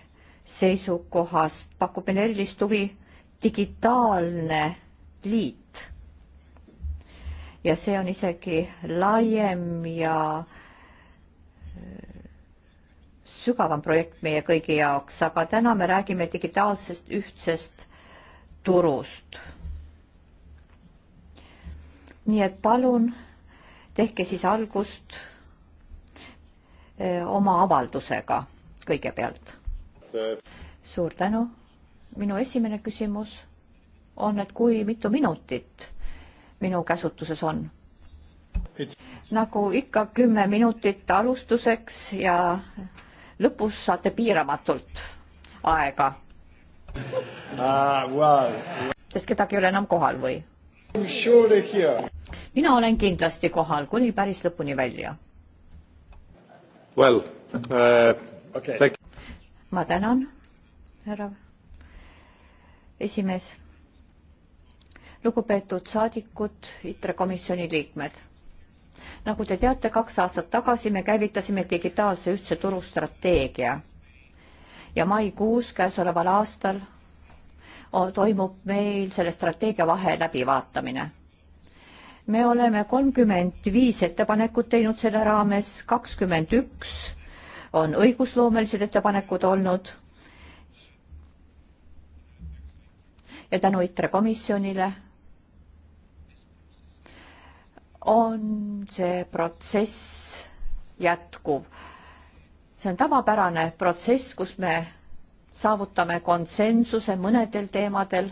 seisukohast pakub meile erilist huvi digitaalne liit. ja see on isegi laiem ja äh, sügavam projekt meie kõigi jaoks, aga täna me räägime digitaalsest ühtsest turust. nii et palun tehke siis algust öö, eh, oma avaldusega kõigepealt. suur tänu. minu esimene küsimus on, et kui mitu minutit minu käsutuses on? nagu ikka kümme minutit alustuseks ja lõpus saate piiramatult aega uh,. Ah, well. sest kedagi ei ole enam kohal või? Sure mina olen kindlasti kohal kuni päris lõpuni välja. Well uh,, okay. ma tänan, härra esimees. lugupeetud saadikud, ITRE komisjoni liikmed nagu te teate, kaks aastat tagasi me käivitasime digitaalse ühtse turu strateegia ja maikuus käesoleval aastal toimub meil selle strateegia vahe läbivaatamine. me oleme kolmkümmend viis ettepanekut teinud selle raames, kakskümmend üks on õigusloomelised ettepanekud olnud. ja tänu ITRE komisjonile on see protsess jätkuv. see on tavapärane protsess, kus me saavutame konsensuse mõnedel teemadel.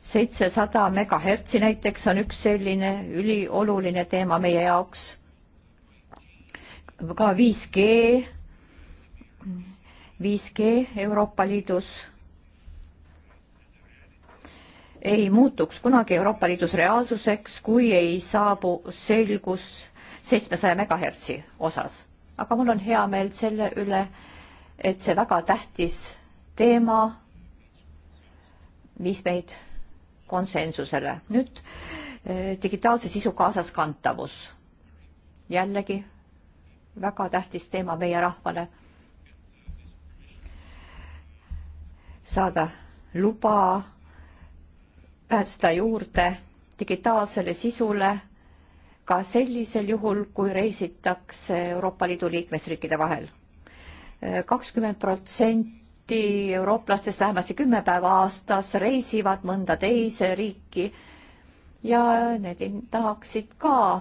seitsesada megahertsi näiteks on üks selline ülioluline teema meie jaoks. ka 5G, 5G Euroopa Liidus ei muutuks kunagi Euroopa Liidus reaalsuseks, kui ei saabu selgus seitsmesaja megahertsi osas. aga mul on hea meel selle üle, et see väga tähtis teema viis meid konsensusele. nüüd eh, digitaalse sisu kaasaskantavus. jällegi väga tähtis teema meie rahvale. saada luba pääseda juurde digitaalsele sisule ka sellisel juhul, kui reisitakse Euroopa Liidu liikmesriikide vahel. kakskümmend protsenti eurooplastest vähemasti kümme päeva aastas reisivad mõnda teise riiki ja need tahaksid ka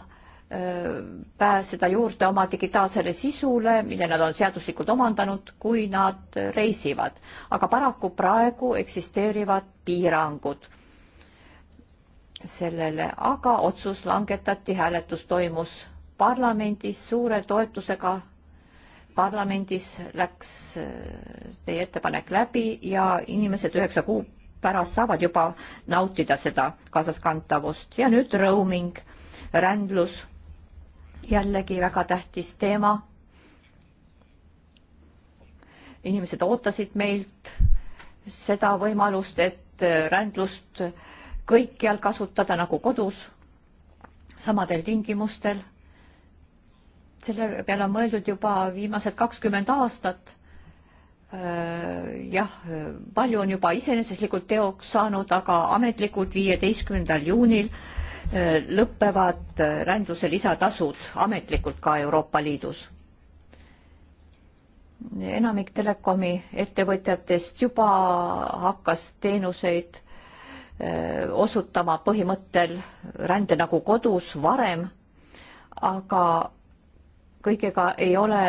pääseda juurde oma digitaalsele sisule, mille nad on seaduslikult omandanud, kui nad reisivad. aga paraku praegu eksisteerivad piirangud sellele, aga otsus langetati, hääletus toimus parlamendis suure toetusega. parlamendis läks äh, teie ettepanek läbi ja inimesed üheksa kuu pärast saavad juba nautida seda kaasaskantavust ja nüüd roaming, rändlus, jällegi väga tähtis teema. inimesed ootasid meilt seda võimalust, et äh, rändlust äh, kõikjal kasutada nagu kodus, samadel tingimustel. selle peale on mõeldud juba viimased kakskümmend aastat. Äh, jah, palju on juba iseeneseslikult teoks saanud, aga ametlikult viieteistkümnendal juunil äh, lõpevad äh, rändluse lisatasud ametlikult ka Euroopa Liidus. enamik telekomi ettevõtjatest juba hakkas teenuseid osutama põhimõttel rände nagu kodus varem, aga kõigega ei ole,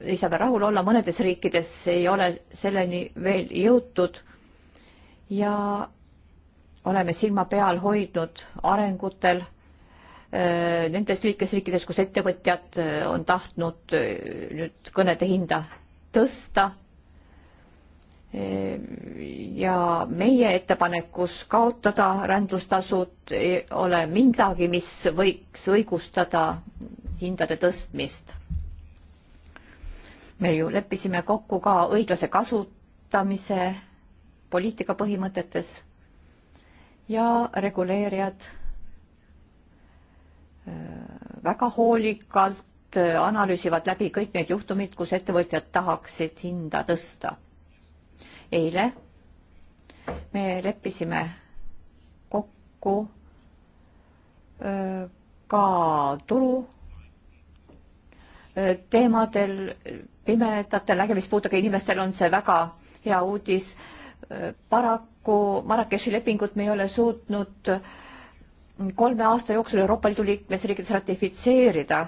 ei saa veel rahul olla, mõnedes riikides ei ole selleni veel jõutud ja oleme silma peal hoidnud arengutel nendes liikmesriikides, kus ettevõtjad on tahtnud nüüd kõnede hinda tõsta ja meie ettepanekus kaotada rändlustasud ei ole midagi, mis võiks õigustada hindade tõstmist. me ju leppisime kokku ka õiglase kasutamise poliitika põhimõtetes ja reguleerijad äh, väga hoolikalt äh, analüüsivad läbi kõik need juhtumid, kus ettevõtjad tahaksid hinda tõsta eile me leppisime kokku ka turu teemadel pimedatel nägemispuudega inimestel on see väga hea uudis. paraku Marrakechi lepingut me ei ole suutnud kolme aasta jooksul Euroopa Liidu liikmesriikides ratifitseerida.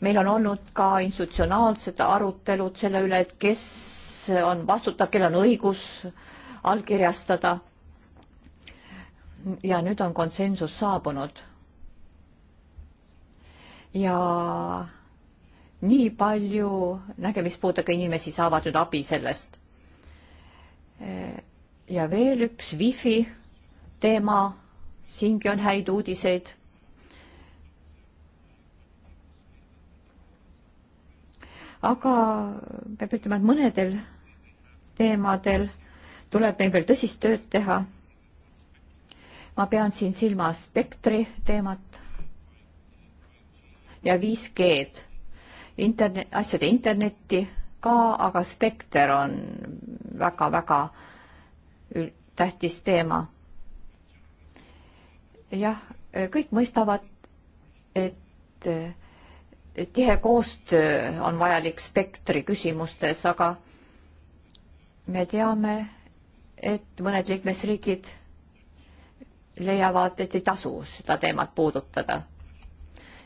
meil on olnud ka institutsionaalsed arutelud selle üle, et kes on vastutav, kellel on õigus allkirjastada. ja nüüd on konsensus saabunud. ja nii palju nägemispuudega inimesi saavad nüüd abi sellest. ja veel üks wifi teema, siingi on häid uudiseid aga peab ütlema, et mõnedel teemadel tuleb meil veel tõsist tööd teha. ma pean siin silmas spektri teemat ja 5G-d, internet, asjade internetti ka, aga spekter on väga-väga tähtis teema. jah, kõik mõistavad, et tihe koostöö on vajalik spektri küsimustes, aga me teame, et mõned liikmesriigid leiavad, et ei tasu seda teemat puudutada.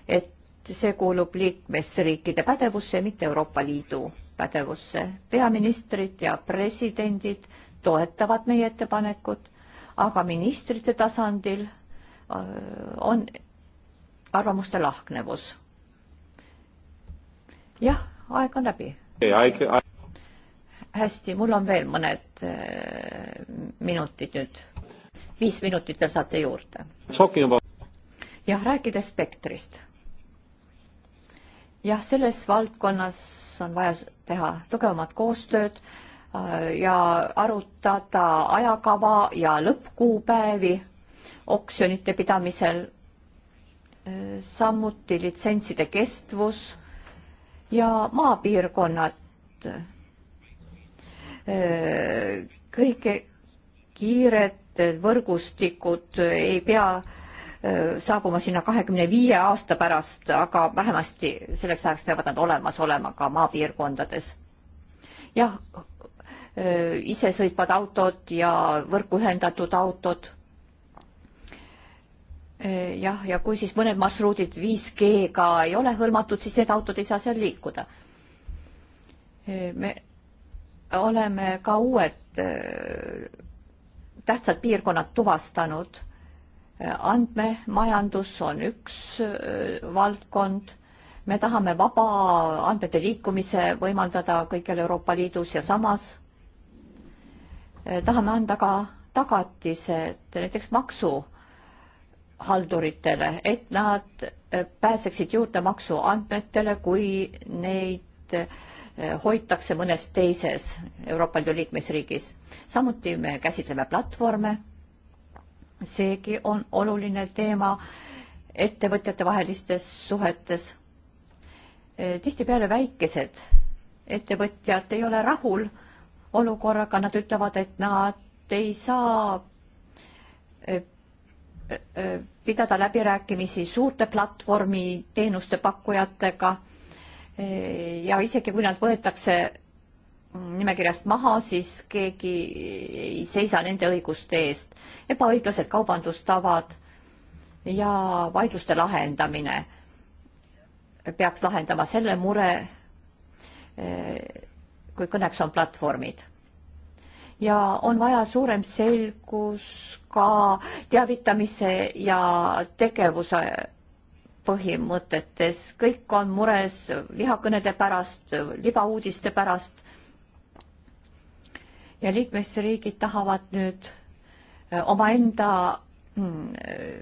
et see kuulub liikmesriikide pädevusse, mitte Euroopa Liidu pädevusse. peaministrid ja presidendid toetavad meie ettepanekut, aga ministrite tasandil äh, on arvamuste lahknevus jah, aeg on läbi okay,. hästi, mul on veel mõned äh, minutid nüüd. viis minutit veel saate juurde. jah, rääkides spektrist. jah, selles valdkonnas on vaja teha tugevamat koostööd äh, ja arutada ajakava ja lõppkuupäevi oksjonite pidamisel äh, samuti litsentside kestvus ja maapiirkonnad kõige kiired võrgustikud ei pea eh, saabuma sinna kahekümne viie aasta pärast, aga vähemasti selleks ajaks peavad nad olemas olema ka maapiirkondades. jah, eh, ise sõitvad autod ja võrku ühendatud autod Eh, jah, ja kui siis mõned marsruudid 5G-ga ei ole hõlmatud, siis need autod ei saa seal liikuda. Eh, me oleme ka uued eh, tähtsad piirkonnad tuvastanud. andmemajandus on üks valdkond. me tahame vaba andmete liikumise võimaldada kõikjal Euroopa Liidus ja samas tahame anda ka tagatised, näiteks maksu halduritele, et nad äh, pääseksid juurde maksuandmetele, kui neid äh, hoitakse mõnes teises Euroopa Liidu liikmesriigis. samuti me käsitleme platvorme. seegi on oluline teema ettevõtjatevahelistes suhetes. Äh, tihtipeale väikesed ettevõtjad ei ole rahul olukorraga, nad ütlevad, et nad ei saa pidada läbirääkimisi suurte platvormi teenuste pakkujatega ja isegi kui nad võetakse nimekirjast maha, siis keegi ei seisa nende õiguste eest. ebaõiglased kaubandustavad ja vaidluste lahendamine peaks lahendama selle mure, kui kõneks on platvormid ja on vaja suurem selgus ka teavitamise ja tegevuse põhimõtetes. kõik on mures vihakõnede pärast, libauudiste pärast. ja liikmesriigid tahavad nüüd äh, omaenda mm,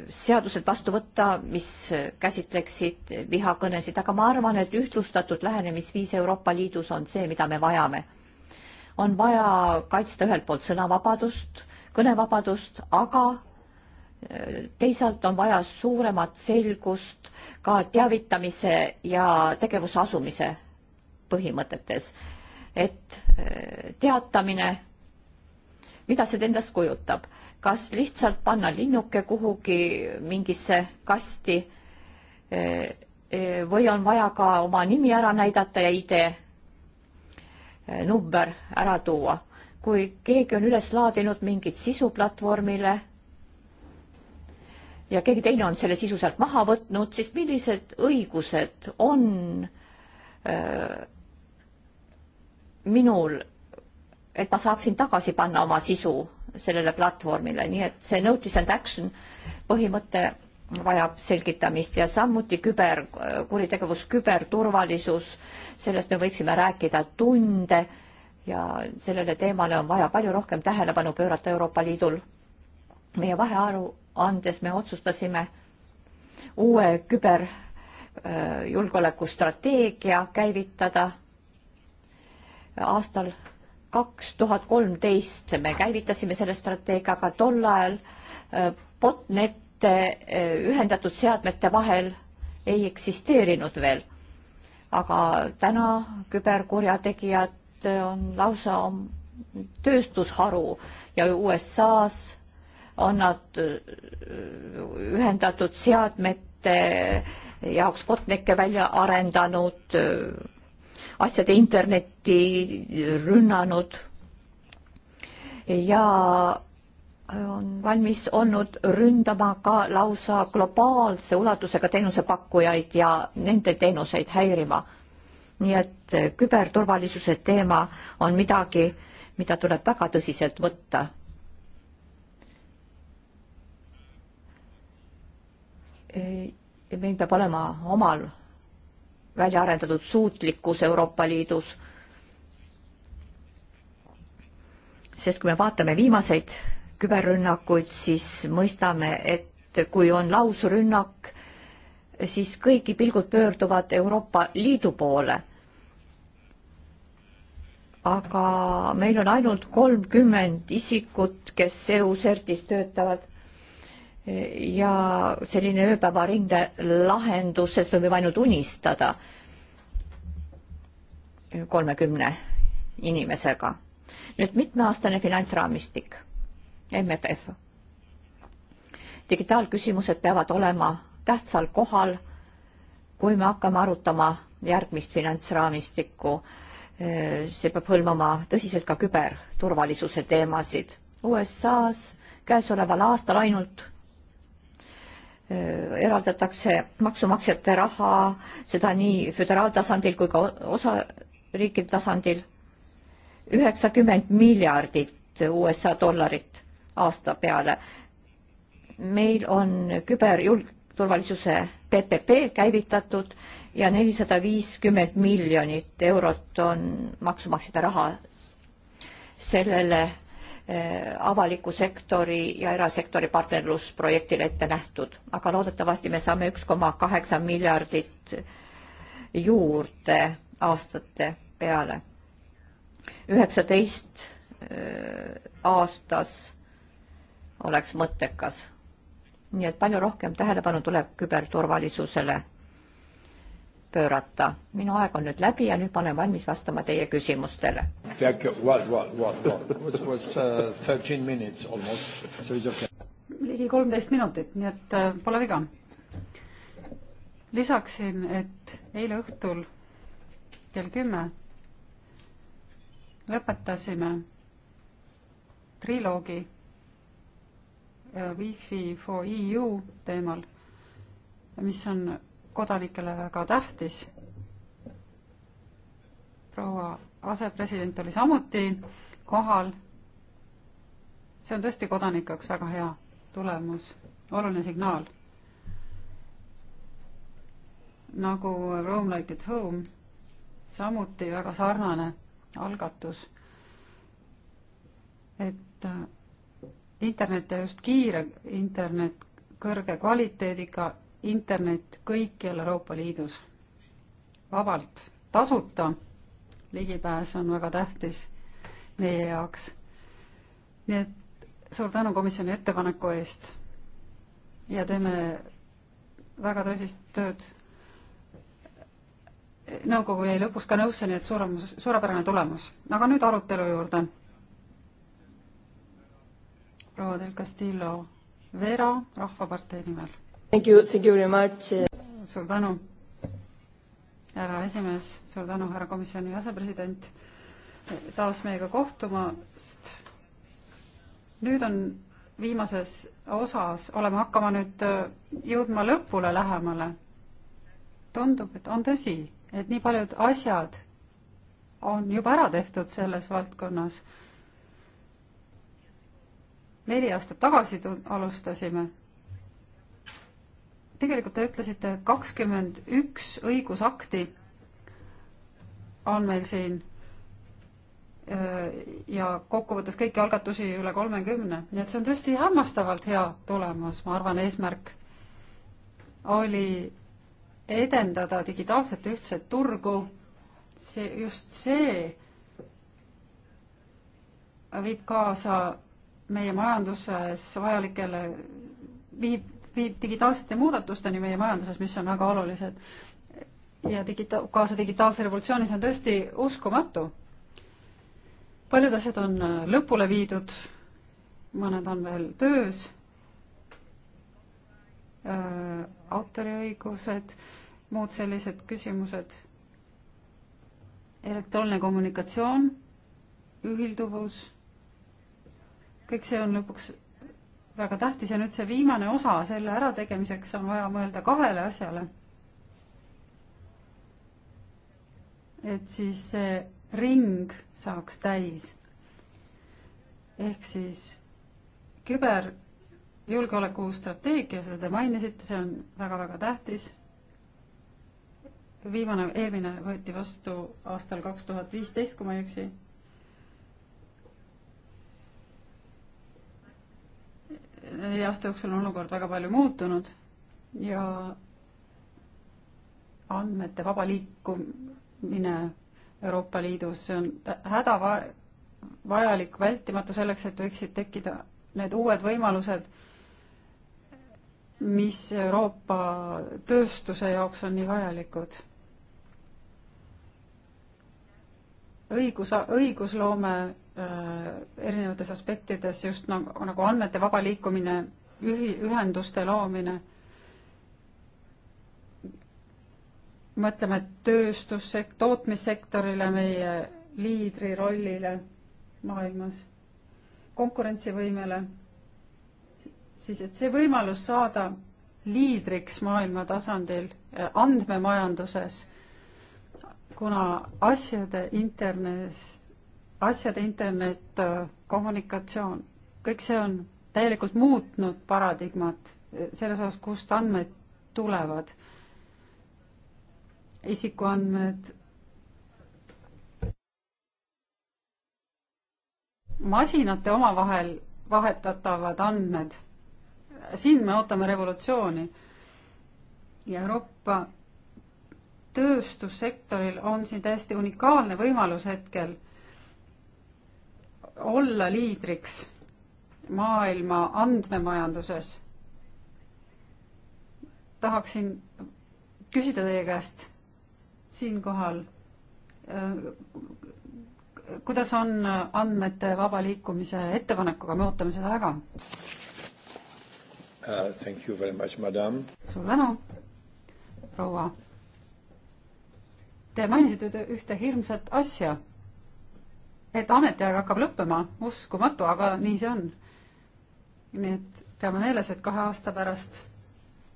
seadused vastu võtta, mis käsitleksid vihakõnesid, aga ma arvan, et ühtlustatud lähenemisviis Euroopa Liidus on see, mida me vajame on vaja kaitsta ühelt poolt sõnavabadust, kõnevabadust, aga äh, teisalt on vaja suuremat selgust ka teavitamise ja tegevuse asumise põhimõtetes. et äh, teatamine, mida see endast kujutab, kas lihtsalt panna linnuke kuhugi mingisse kasti äh, või on vaja ka oma nimi ära näidata ja idee Eh, number ära tuua. kui keegi on üles laadinud mingit sisu platvormile ja keegi teine on selle sisu sealt maha võtnud, siis millised õigused on öö, eh, minul, et ma saaksin tagasi panna oma sisu sellele platvormile, nii et see notice and action põhimõte vajab selgitamist ja samuti küberkuritegevus, küberturvalisus, sellest me võiksime rääkida tunde ja sellele teemale on vaja palju rohkem tähelepanu pöörata Euroopa Liidul. meie vahearuandes me otsustasime uue küberjulgeolekustrateegia äh, käivitada aastal kaks tuhat kolmteist me käivitasime selle strateegiaga, tol ajal äh, botnet kontakte eh, ühendatud seadmete vahel ei eksisteerinud veel. aga täna küberkurjategijad eh, on lausa tööstusharu ja USA-s on nad eh, ühendatud seadmete jaoks botnike välja arendanud, asjade internetti rünnanud ja on valmis olnud ründama ka lausa globaalse ulatusega teenusepakkujaid ja nende teenuseid häirima. nii et eh, küberturvalisuse teema on midagi, mida tuleb väga tõsiselt võtta. Eh, meil peab olema omal välja arendatud suutlikkus Euroopa Liidus. sest kui me vaatame viimaseid küberrünnakuid, siis mõistame, et kui on lausrünnak, siis kõigi pilgud pöörduvad Euroopa Liidu poole. aga meil on ainult kolmkümmend isikut, kes EU-CERT-is töötavad ja selline ööpäevaringne lahendus, sest me võime ainult unistada kolmekümne inimesega. nüüd mitmeaastane finantsraamistik MFF. digitaalküsimused peavad olema tähtsal kohal, kui me hakkame arutama järgmist finantsraamistikku. see peab hõlmama tõsiselt ka küberturvalisuse teemasid. USA-s käesoleval aastal ainult äh, eraldatakse maksumaksjate raha, seda nii föderaaltasandil kui ka osariikide tasandil, üheksakümmend miljardit USA dollarit aasta peale. meil on küberjulgturvalisuse PPP käivitatud ja nelisada viiskümmend miljonit eurot on maksumaksjate raha sellele eh, avaliku sektori ja erasektori partnerlusprojektile ette nähtud, aga loodetavasti me saame üks koma kaheksa miljardit juurde aastate peale. üheksateist eh, aastas oleks mõttekas. nii et palju rohkem tähelepanu tuleb küberturvalisusele pöörata. minu aeg on nüüd läbi ja nüüd ma olen valmis vastama teie küsimustele. Uh, ligi kolmteist minutit, nii et äh, pole viga. lisaksin, et eile õhtul kell kümme lõpetasime triloogi Äh, Wi-Fi for EU teemal, mis on kodanikele väga tähtis. proua asepresident oli samuti kohal. see on tõesti kodanike jaoks väga hea tulemus, oluline signaal. nagu Roam like at home, samuti väga sarnane algatus. et äh, internet ja just kiire internet, kõrge kvaliteediga internet kõikjal Euroopa Liidus. vabalt, tasuta ligipääs on väga tähtis meie jaoks. nii et suur tänu komisjoni ettepaneku eest ja teeme väga tõsist tööd. nõukogu jäi lõpus ka nõusse, nii et suurem, suurepärane tulemus. aga nüüd arutelu juurde proua del Castillo Vera Rahvapartei nimel. Thank you, thank you very much. suur tänu, härra esimees, suur tänu, härra komisjoni asepresident, taas meiega kohtumast. nüüd on viimases osas, oleme hakkama nüüd äh, jõudma lõpule lähemale. tundub, et on tõsi, et nii paljud asjad on juba ära tehtud selles valdkonnas neli aastat tagasi alustasime, tegelikult te ütlesite, et kakskümmend üks õigusakti on meil siin ja kokkuvõttes kõiki algatusi üle kolmekümne, nii et see on tõesti hämmastavalt hea tulemus, ma arvan, eesmärk oli edendada digitaalset ühtset turgu, see, just see viib kaasa meie majanduses vajalikele, viib, viib digitaalsete muudatusteni meie majanduses, mis on väga olulised. ja digita-, kaasa digitaalse revolutsiooni, see on tõesti uskumatu. paljud asjad on äh, lõpule viidud, mõned on veel töös, äh, autoriõigused, muud sellised küsimused, elektrooniline kommunikatsioon, ühilduvus kõik see on lõpuks väga tähtis ja nüüd see viimane osa selle ärategemiseks on vaja mõelda kahele asjale. et siis see ring saaks täis. ehk siis küberjulgeoleku strateegia, seda te mainisite, see on väga-väga tähtis. viimane, eelmine võeti vastu aastal kaks tuhat viisteist, kui ma ei eksi nelja aasta jooksul on olukord väga palju muutunud ja andmete vaba liikumine Euroopa Liidus, see on hädavajalik, vältimatu selleks, et võiksid tekkida need uued võimalused, mis Euroopa tööstuse jaoks on nii vajalikud õigus, õigusloome Äh, erinevates aspektides just nagu, nagu andmete vaba liikumine, ühi-, ühenduste loomine. mõtleme tööstussek-, tootmissektorile, meie liidri rollile maailmas, konkurentsivõimele, siis et see võimalus saada liidriks maailma tasandil äh, andmemajanduses, kuna asjade internet asjade internet, äh, kommunikatsioon, kõik see on täielikult muutnud paradigmat äh, selles osas, kust andmed tulevad. isikuandmed, masinate omavahel vahetatavad andmed, siin me ootame revolutsiooni ja Euroopa tööstussektoril on siin täiesti unikaalne võimalus hetkel olla liidriks maailma andmemajanduses, tahaksin küsida teie käest siinkohal, äh, kuidas on andmete vaba liikumise ettepanekuga, me ootame seda väga uh,. Thank you very much, madam. suur tänu, proua. Te mainisite ühte hirmsat asja et ametiaeg hakkab lõppema, uskumatu, aga nii see on. nii et peame meeles, et kahe aasta pärast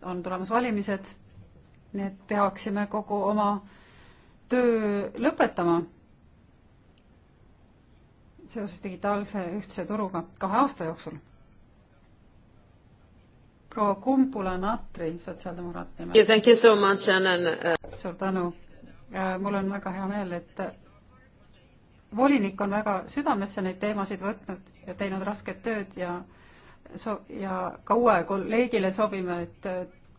on tulemas valimised, nii et peaksime kogu oma töö lõpetama seoses digitaalse ühtse turuga kahe aasta jooksul. proua Kumpula-Natri sotsiaaldemokraatide nimel. suur tänu. Äh, mul on väga hea meel, et volinik on väga südamesse neid teemasid võtnud ja teinud rasket tööd ja so-, ja ka uue kolleegile soovime, et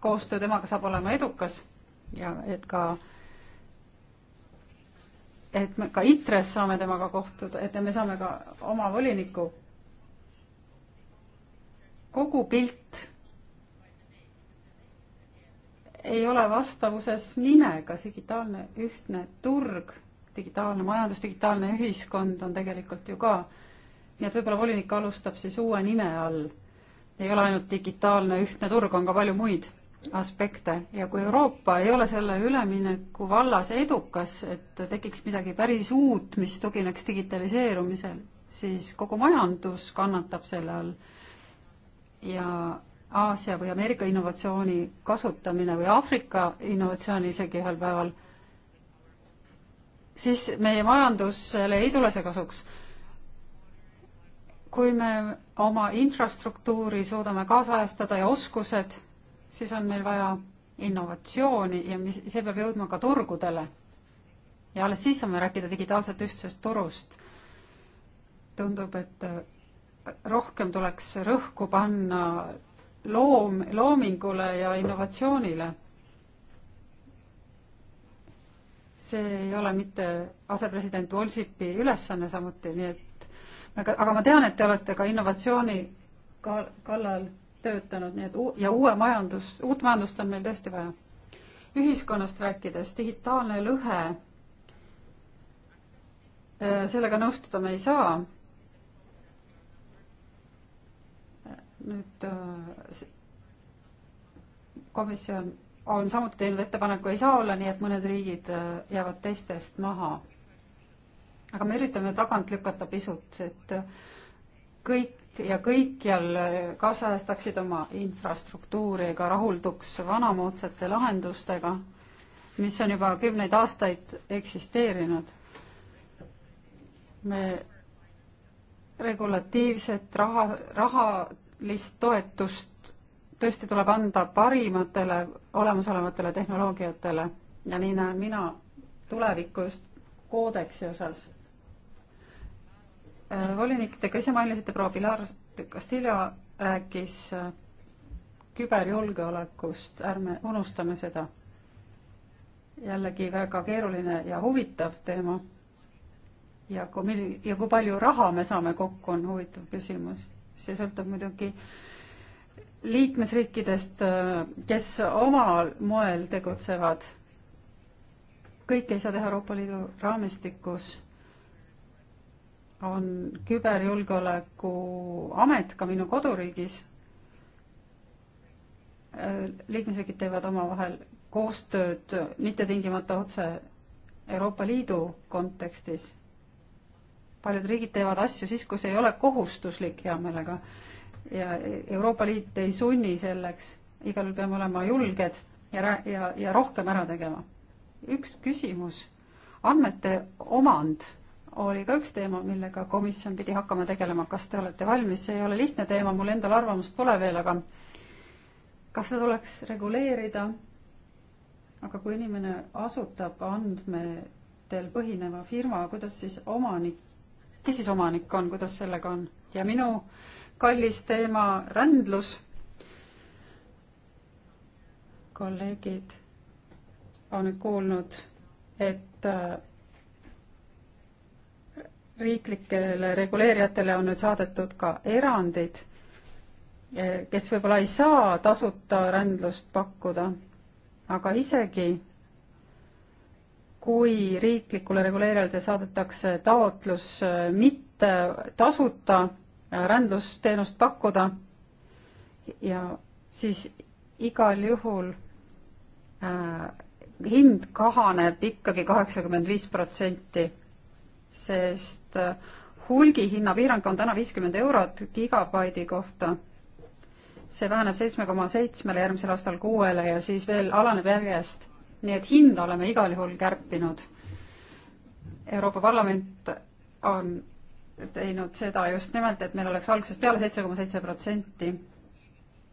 koostöö temaga saab olema edukas ja et ka, et me ka ITRE-s saame temaga kohtuda, et me saame ka oma voliniku kogu pilt ei ole vastavuses nimega, digitaalne ühtne turg digitaalne majandus, digitaalne ühiskond on tegelikult ju ka. nii et võib-olla volinik alustab siis uue nime all. ei ole ainult digitaalne ühtne turg, on ka palju muid aspekte ja kui Euroopa ei ole selle ülemineku vallas edukas, et tekiks midagi päris uut, mis tugineks digitaliseerumisel, siis kogu majandus kannatab selle all. ja Aasia või Ameerika innovatsiooni kasutamine või Aafrika innovatsioon isegi ühel päeval siis meie majandusele ei tule see kasuks. kui me oma infrastruktuuri suudame kaasajastada ja oskused, siis on meil vaja innovatsiooni ja mis, see peab jõudma ka turgudele. ja alles siis saame rääkida digitaalselt ühtsest turust. tundub, et äh, rohkem tuleks rõhku panna loom, loomingule ja innovatsioonile see ei ole mitte asepresident Volsipi ülesanne samuti, nii et aga ma tean, et te olete ka innovatsiooni kallal töötanud, nii et ja uue majandus, uut majandust on meil tõesti vaja. ühiskonnast rääkides, digitaalne lõhe, äh, sellega nõustuda me ei saa. nüüd äh, komisjon on samuti teinud ettepaneku, ei saa olla nii, et mõned riigid äh, jäävad teistest maha. aga me üritame tagant lükata pisut, et äh, kõik ja kõikjal äh, kaasajastaksid oma infrastruktuuri ega rahulduks vanamoodsate lahendustega, mis on juba kümneid aastaid eksisteerinud. me regulatiivset raha, rahalist toetust tõesti tuleb anda parimatele olemasolevatele tehnoloogiatele ja nii näen mina tulevikku just koodeksi osas. Äh, volinik, te ka ise mainisite, proua Pilar Castillo rääkis äh, küberjulgeolekust, ärme unustame seda. jällegi väga keeruline ja huvitav teema. ja kui, ja kui palju raha me saame kokku, on huvitav küsimus. see sõltub muidugi äh, liikmesriikidest, kes omal moel tegutsevad. kõike ei saa teha Euroopa Liidu raamistikus. on küberjulgeolekuamet ka minu koduriigis. liikmesriigid teevad omavahel koostööd, mitte tingimata otse Euroopa Liidu kontekstis. paljud riigid teevad asju siis, kus ei ole kohustuslik hea meelega ja Euroopa Liit ei sunni selleks, igal juhul peame olema julged ja, ja, ja rohkem ära tegema. üks küsimus, andmete omand oli ka üks teema, millega komisjon pidi hakkama tegelema, kas te olete valmis, see ei ole lihtne teema, mul endal arvamust pole veel, aga kas seda tuleks reguleerida? aga kui inimene asutab andmetel põhineva firma, kuidas siis omanik, kes siis omanik on, kuidas sellega on? ja minu äh, kallis teema, rändlus. kolleegid on nüüd kuulnud, et äh, riiklikele reguleerijatele on nüüd saadetud ka erandid, kes võib-olla ei saa tasuta rändlust pakkuda, aga isegi kui riiklikule reguleerijale saadetakse taotlus äh, mitte tasuta Äh, rändlusteenust pakkuda ja siis igal juhul äh, hind kahaneb ikkagi kaheksakümmend viis protsenti, sest äh, hulgihinna piirang on täna viiskümmend eurot gigabaidi kohta. see väheneb seitsme koma seitsmele, järgmisel aastal kuuele ja siis veel alaneb järjest. nii et hinda oleme igal juhul kärpinud. Euroopa Parlament on teinud seda just nimelt, et meil oleks algusest peale seitse koma seitse protsenti.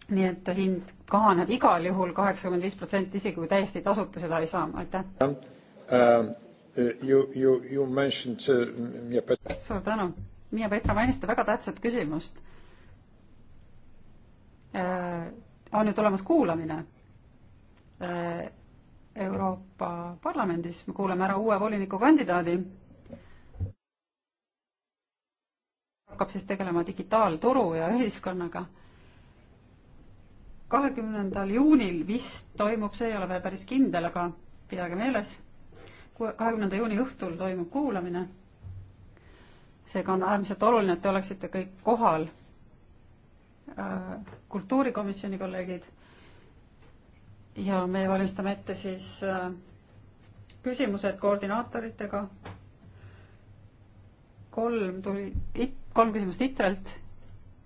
nii et hind kahaneb igal juhul kaheksakümmend viis protsenti, isegi kui täiesti tasuta seda ei saa, aitäh um, um, uh,. You, you, you mentioned uh, Miia Petra. suur tänu. Miia Petra mainis seda väga tähtsat küsimust uh,. on nüüd olemas kuulamine uh,. Euroopa Parlamendis me kuulame ära uue volinikukandidaadi hakkab siis tegelema digitaalturu ja ühiskonnaga. kahekümnendal juunil vist toimub, see ei ole veel päris kindel, aga pidage meeles, kahekümnenda juuni õhtul toimub kuulamine. seega on äärmiselt oluline, et te oleksite kõik kohal. Äh, kultuurikomisjoni kolleegid ja me valmistame ette siis äh, küsimused koordinaatoritega kolm tuli, kolm küsimust ITRE-lt,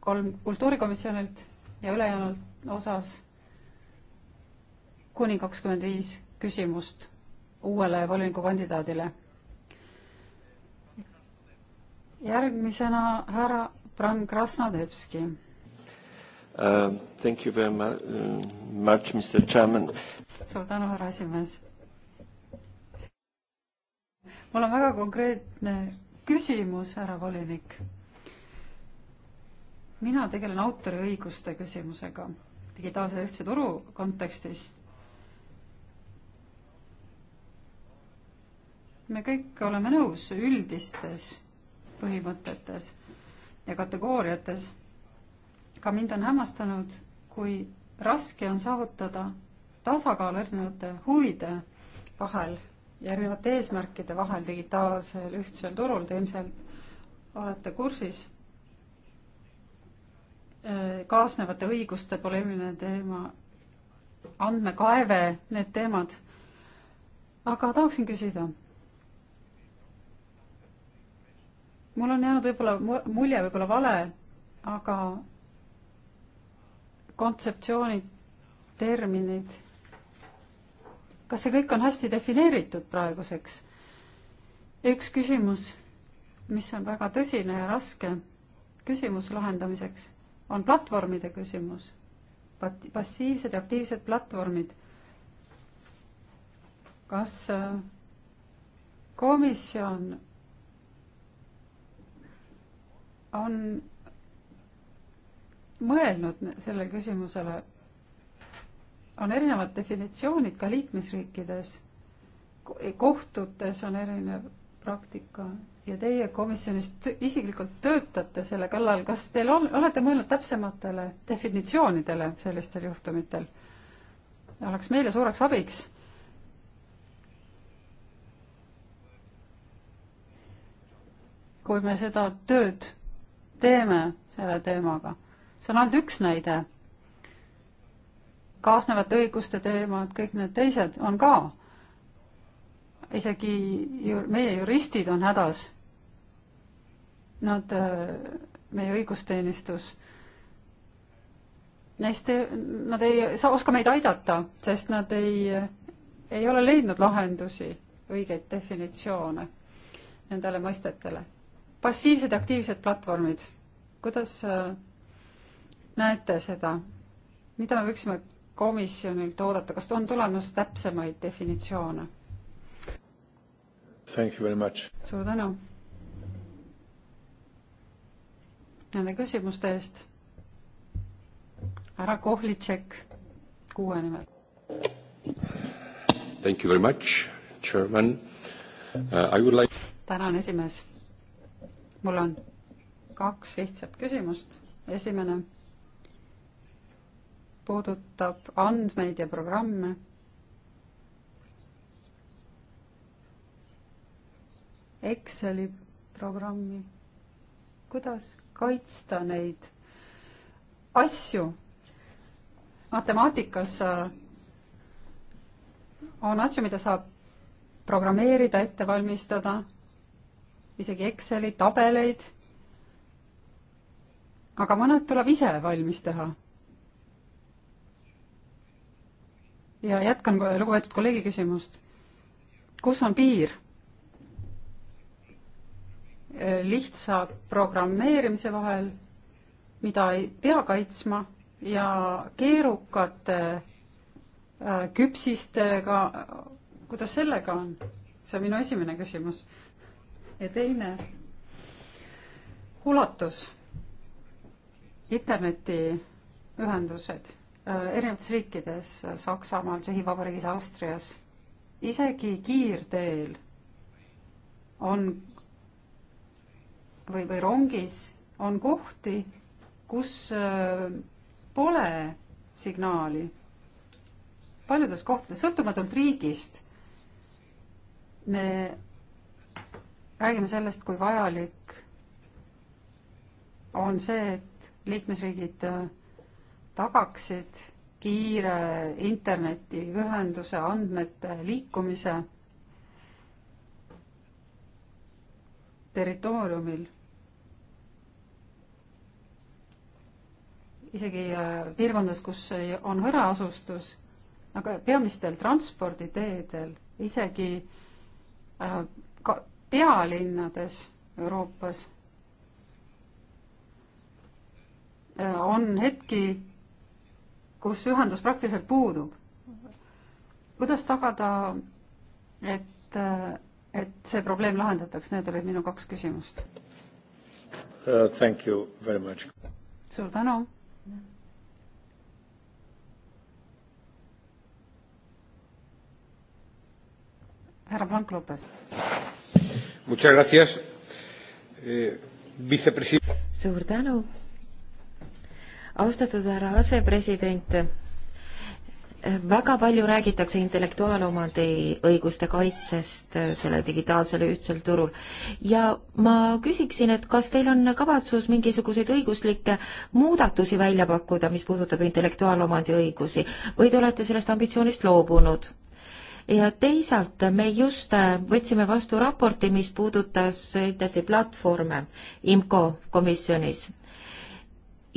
kolm kultuurikomisjonilt ja ülejäänud osas kuni kakskümmend viis küsimust uuele volinikukandidaadile. järgmisena härra Bran Krasnodebski uh,. Thank you very uh, much, much, Mr Chairman. suur tänu, härra esimees. mul on väga konkreetne küsimus, härra volinik. mina tegelen autoriõiguste küsimusega digitaalse ühtse turu kontekstis. me kõik oleme nõus üldistes põhimõtetes ja kategooriates. ka mind on hämmastanud, kui raske on saavutada tasakaal erinevate huvide vahel erinevate eesmärkide vahel digitaalsel ühtsel turul, te ilmselt olete kursis. Äh, kaasnevate õiguste poleemiline teema, andmekaeve, need teemad. aga tahaksin küsida. mul on jäänud võib-olla mulje, võib-olla vale, aga kontseptsioonid, terminid kas see kõik on hästi defineeritud praeguseks? üks küsimus, mis on väga tõsine ja raske küsimus lahendamiseks, on platvormide küsimus. passiivsed ja aktiivsed platvormid. kas äh, komisjon on mõelnud sellele küsimusele on erinevad definitsioonid ka liikmesriikides. kohtutes on erinev praktika ja teie komisjonis isiklikult töötate selle kallal, kas teil on, olete mõelnud täpsematele definitsioonidele sellistel juhtumitel? oleks meile suureks abiks. kui me seda tööd teeme selle teemaga, see on ainult üks näide kaasnevate õiguste teemad, kõik need teised on ka. isegi ju meie juristid on hädas. Nad, äh, meie õigusteenistus, neist, nad ei saa, oska meid aidata, sest nad ei, ei ole leidnud lahendusi, õigeid definitsioone nendele mõistetele. passiivsed ja aktiivsed platvormid, kuidas äh, näete seda, mida me võiksime komisjonilt oodata, kas on tulemas täpsemaid definitsioone? suur tänu nende küsimuste eest. härra Kohlitšek, kuue nimel. Thank you very much, chairman uh,. I would like. tänan, esimees. mul on kaks lihtsat küsimust. esimene puudutab andmeid ja programme. Exceli programmi, kuidas kaitsta neid asju. matemaatikas äh, on asju, mida saab programmeerida, ette valmistada, isegi Exceli tabeleid. aga mõned tuleb ise valmis teha ja jätkan lugupeetud kolleegi küsimust. kus on piir? lihtsa programmeerimise vahel, mida ei pea kaitsma ja keerukate äh, küpsistega, kuidas sellega on? see on minu esimene küsimus. ja teine, ulatus, internetiühendused Äh, erinevates riikides, äh, Saksamaal, Tšehhi Vabariigis, Austrias, isegi kiirteel on või, või rongis on kohti, kus äh, pole signaali. paljudes kohtades, sõltumatult riigist, me räägime sellest, kui vajalik on see, et liikmesriigid tagaksid kiire internetiühenduse andmete liikumise territooriumil, isegi äh, piirkondades, kus on hõreasustus, aga peamistel transporditeedel, isegi äh, ka pealinnades Euroopas äh, on hetki, kus ühendus praktiliselt puudub. kuidas tagada, et, et see probleem lahendatakse, need olid minu kaks küsimust uh,. Thank you very much. suur tänu. härra Blank Lopes. Muchas gracias eh,, vicepresident. suur tänu austatud härra asepresident, väga palju räägitakse intellektuaalomandi õiguste kaitsest äh, selle digitaalsel ühtsel turul ja ma küsiksin, et kas teil on kavatsus mingisuguseid õiguslikke muudatusi välja pakkuda, mis puudutab intellektuaalomandi õigusi või te olete sellest ambitsioonist loobunud? ja teisalt me just äh, võtsime vastu raporti, mis puudutas internetiplatvorme IMCO komisjonis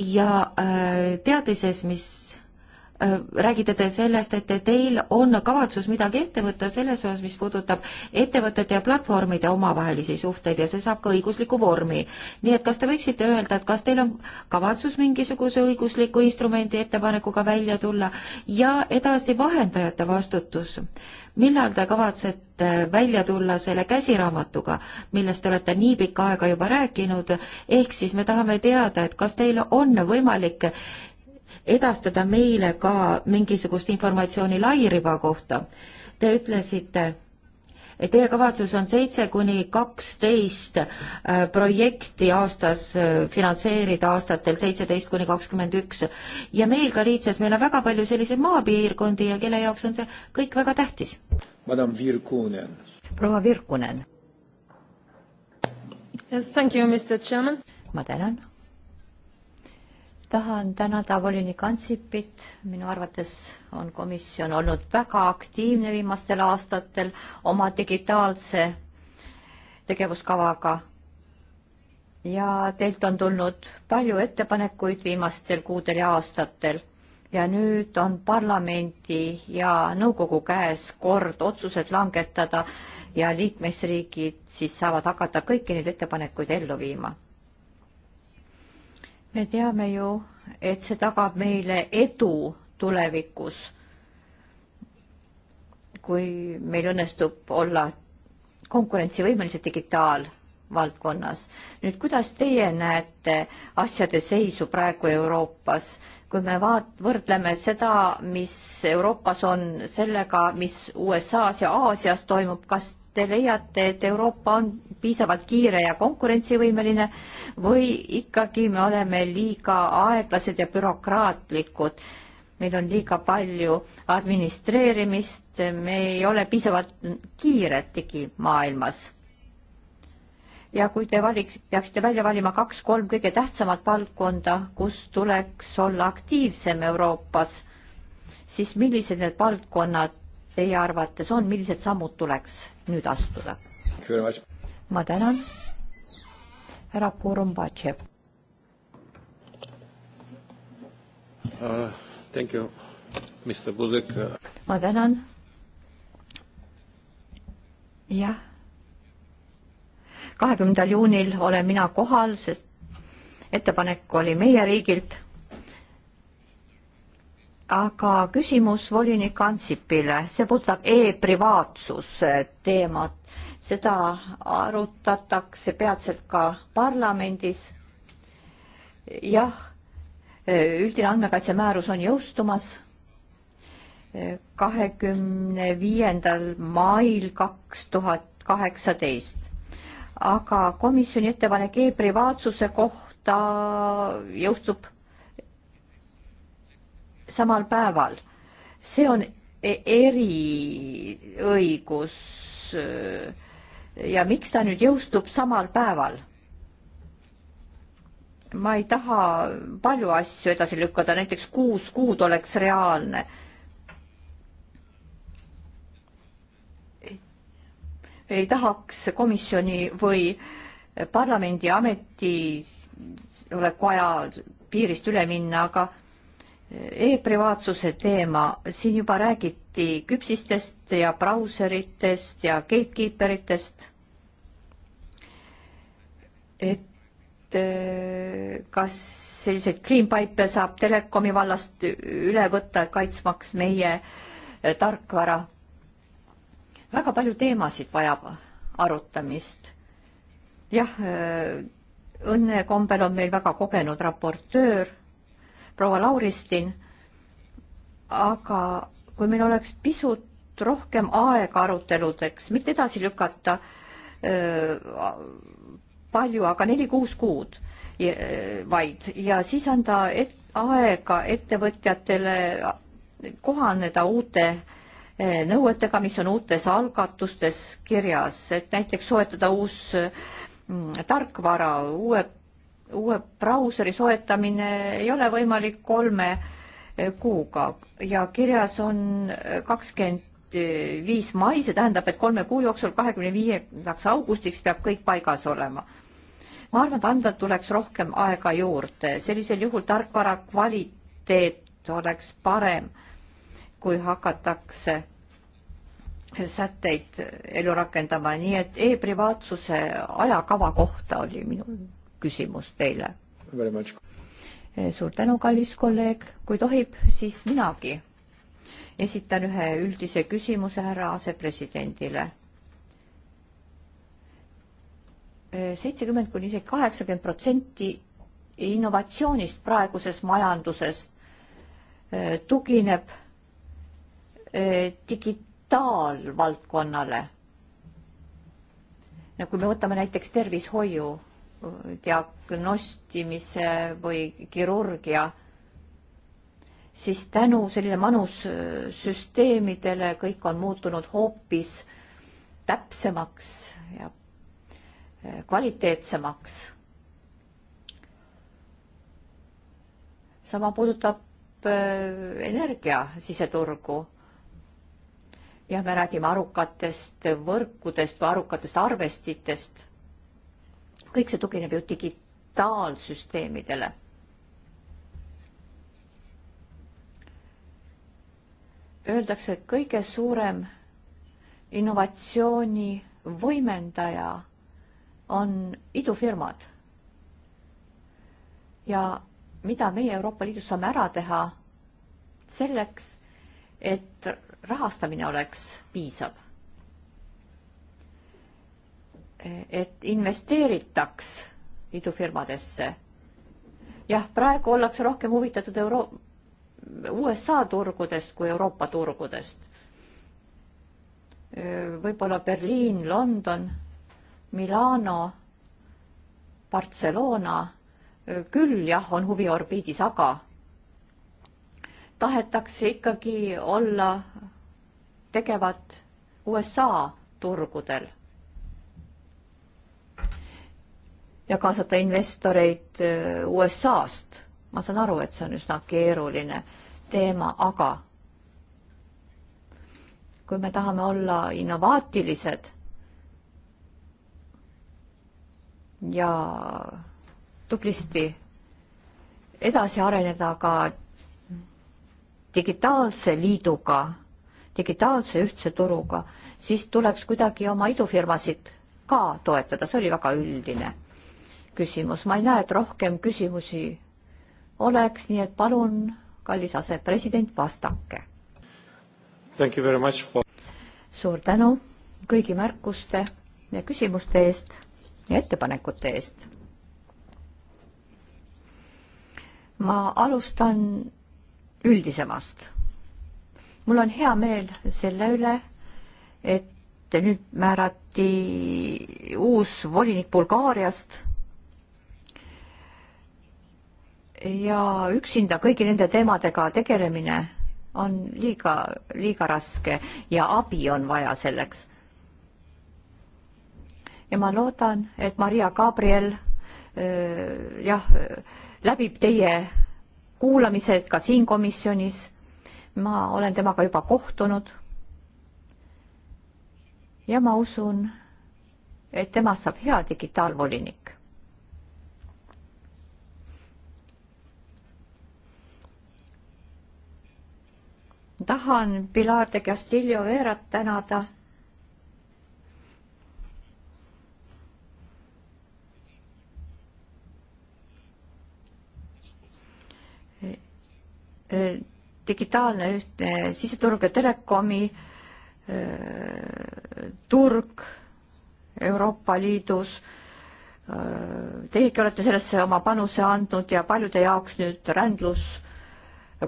ja äh, teadises, mis äh, räägite te sellest, et teil on kavatsus midagi ette võtta selles osas, mis puudutab ettevõtete ja platvormide omavahelisi suhteid ja see saab ka õigusliku vormi. nii et kas te võiksite öelda, et kas teil on kavatsus mingisuguse õigusliku instrumendi ettepanekuga välja tulla ja edasi vahendajate vastutus millal te kavatsete välja tulla selle käsiraamatuga, millest te olete nii pikka aega juba rääkinud, ehk siis me tahame teada, et kas teil on võimalik edastada meile ka mingisugust informatsiooni lairiba kohta. Te ütlesite, Teie kavatsus on seitse kuni kaksteist äh, projekti aastas äh, finantseerida aastatel seitseteist kuni kakskümmend üks ja meil Galiitsias, meil on väga palju selliseid maapiirkondi ja kelle jaoks on see kõik väga tähtis. Madam Virkunen. proua Virkunen. Yes, thank you, Mr Chairman. ma tänan tahan tänada volinik Ansipit, minu arvates on komisjon olnud väga aktiivne viimastel aastatel oma digitaalse tegevuskavaga. ja teilt on tulnud palju ettepanekuid viimastel kuudel ja aastatel ja nüüd on parlamendi ja nõukogu käes kord otsused langetada ja liikmesriigid siis saavad hakata kõiki neid ettepanekuid ellu viima me teame ju, et see tagab meile edu tulevikus, kui meil õnnestub olla konkurentsivõimelised digitaalvaldkonnas. nüüd, kuidas teie näete asjade seisu praegu Euroopas, kui me vaat-, võrdleme seda, mis Euroopas on, sellega, mis USA-s ja Aasias toimub, kas te leiate, et Euroopa on piisavalt kiire ja konkurentsivõimeline või ikkagi me oleme liiga aeglased ja bürokraatlikud? meil on liiga palju administreerimist, me ei ole piisavalt kiired digimaailmas. ja kui te valiks, peaksite välja valima kaks-kolm kõige tähtsamat valdkonda, kus tuleks olla aktiivsem Euroopas, siis millised need valdkonnad teie arvates on, millised sammud tuleks nüüd astuda? ma tänan. härra Kurumbatšev uh,. Thank you, Mr Buzek. ma tänan. jah. kahekümnendal juunil olen mina kohal, sest ettepanek oli meie riigilt aga küsimus volinik Ansipile, see puudutab e-privaatsuse teemat. seda arutatakse peatselt ka parlamendis. jah, üldine andmekaitse määrus on jõustumas kahekümne viiendal mail kaks tuhat kaheksateist. aga komisjoni ettepanek e-privaatsuse kohta jõustub samal päeval. see on e- eriõigus ja miks ta nüüd jõustub samal päeval? ma ei taha palju asju edasi lükata, näiteks kuus kuud oleks reaalne. ei tahaks komisjoni või parlamendi ameti oleku aja piirist üle minna, aga e-privaatsuse teema, siin juba räägiti küpsistest ja brauseritest ja gatekeeperitest. et äh, kas selliseid cleanpipe saab telekomi vallast üle võtta, kaitsmaks meie äh, tarkvara? väga palju teemasid vajab arutamist. jah, äh, õnne kombel on meil väga kogenud raportöör proua Lauristin, aga kui meil oleks pisut rohkem aega aruteludeks, mitte edasi lükata öö, palju, aga neli-kuus kuud vaid ja siis anda et, aega ettevõtjatele kohaneda uute nõuetega, mis on uutes algatustes kirjas, et näiteks soetada uus mm, tarkvara, uue uue brauseri soetamine ei ole võimalik kolme eh, kuuga ja kirjas on eh, kakskümmend viis mai, see tähendab, et kolme kuu jooksul, kahekümne viiendaks augustiks peab kõik paigas olema. ma arvan, et andmed tuleks rohkem aega juurde, sellisel juhul tarkvara kvaliteet oleks parem, kui hakatakse sätteid ellu rakendama, nii et e-privaatsuse ajakava kohta oli minul küsimus teile. Eh, suur tänu, kallis kolleeg, kui tohib, siis minagi esitan ühe üldise küsimuse härra asepresidendile. Eh, seitsekümmend kuni isegi kaheksakümmend protsenti innovatsioonist praeguses majanduses eh, tugineb digitaalvaldkonnale. no nagu kui me võtame näiteks tervishoiu diagnostimise või kirurgia, siis tänu sellile manussüsteemidele äh, kõik on muutunud hoopis täpsemaks ja äh, kvaliteetsemaks. sama puudutab äh, energia siseturgu jah, me räägime arukatest võrkudest või arukatest arvestitest kõik see tugineb ju digitaalsüsteemidele. Öeldakse, et kõige suurem innovatsiooni võimendaja on idufirmad. ja mida meie Euroopa Liidus saame ära teha selleks, et rahastamine oleks piisav et investeeritaks idufirmadesse. jah, praegu ollakse rohkem huvitatud euro-, USA turgudest kui Euroopa turgudest. võib-olla Berliin, London, Milano, Barcelona küll jah, on huviorbiidis, aga tahetakse ikkagi olla tegevad USA turgudel ja kaasata investoreid äh, USA-st. ma saan aru, et see on üsna keeruline teema, aga kui me tahame olla innovaatilised ja tublisti edasi areneda ka digitaalse liiduga, digitaalse ühtse turuga, siis tuleks kuidagi oma idufirmasid ka toetada, see oli väga üldine küsimus. ma ei näe, et rohkem küsimusi oleks, nii et palun, kallis asepresident, vastake. For... suur tänu kõigi märkuste ja küsimuste eest ja ettepanekute eest. ma alustan üldisemast. mul on hea meel selle üle, et nüüd määrati uus volinik Bulgaariast ja üksinda kõigi nende teemadega tegelemine on liiga, liiga raske ja abi on vaja selleks. ja ma loodan, et Maria Gabriel äh, jah, läbib teie kuulamised ka siin komisjonis. ma olen temaga juba kohtunud. ja ma usun, et temast saab hea digitaalvolinik tahan Pilar de Castillo Veerat tänada. digitaalne ühtne siseturg ja telekomi äh, turg Euroopa Liidus. Äh, Teiegi olete sellesse oma panuse andnud ja paljude jaoks nüüd rändlus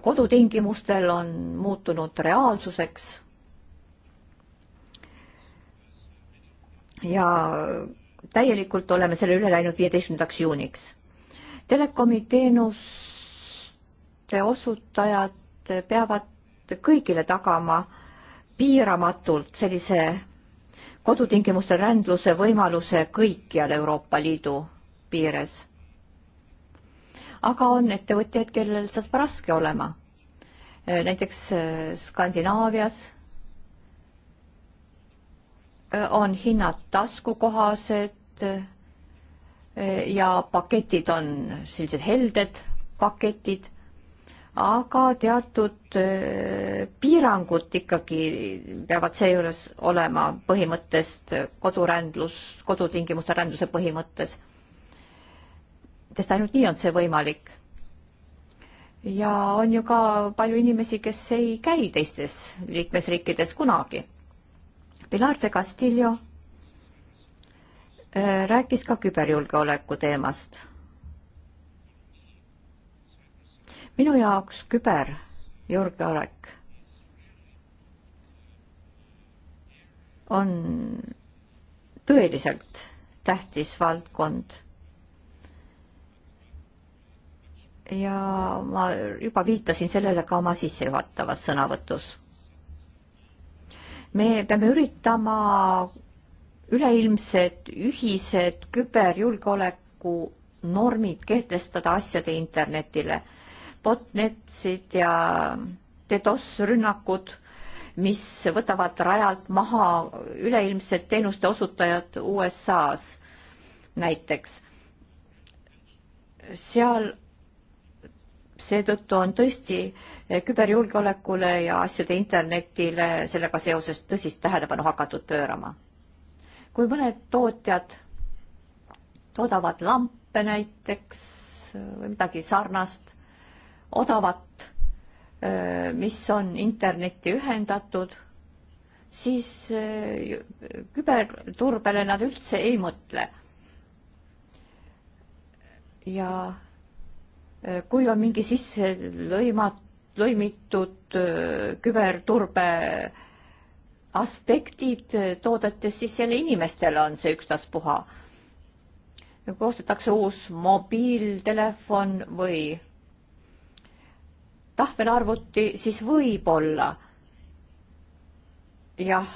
kodutingimustel on muutunud reaalsuseks. ja täielikult oleme selle üle läinud viieteistkümnendaks juuniks. telekomi teenuste osutajad peavad kõigile tagama piiramatult sellise kodutingimustel rändluse võimaluse kõikjal Euroopa Liidu piires aga on ettevõtjaid, kellel see saab raske olema. Äh, näiteks äh, Skandinaavias äh, on hinnad taskukohased ja paketid on sellised helded paketid, aga teatud piirangud ikkagi peavad seejuures olema põhimõttest kodurändlus, kodutingimuste rändluse põhimõttes sest ainult nii on see võimalik. ja on ju ka palju inimesi, kes ei käi teistes liikmesriikides kunagi. Pilar de Castillo äh, rääkis ka küberjulgeoleku teemast. minu jaoks küberjulgeolek on tõeliselt tähtis valdkond ja ma juba viitasin sellele ka oma sissejuhatavas sõnavõtus. me peame üritama üleilmsed ühised küberjulgeoleku normid kehtestada asjade internetile, botnetsid ja DDoS-rünnakud, mis võtavad rajalt maha üleilmsed teenuste osutajad USA-s näiteks. seal seetõttu on tõesti eh, küberjulgeolekule ja asjade internetile sellega seoses tõsist tähelepanu hakatud pöörama. kui mõned tootjad toodavad lampe näiteks eh, või midagi sarnast, odavat, eh, mis on internetti ühendatud, siis küberturbele nad üldse ei mõtle. ja kui on mingi sisse lõimat-, lõimitud äh, küberturbe aspektid äh, toodetes, siis jälle inimestele on see ükstaspuha. koostatakse uus mobiiltelefon või tahvelarvuti, siis võib-olla jah,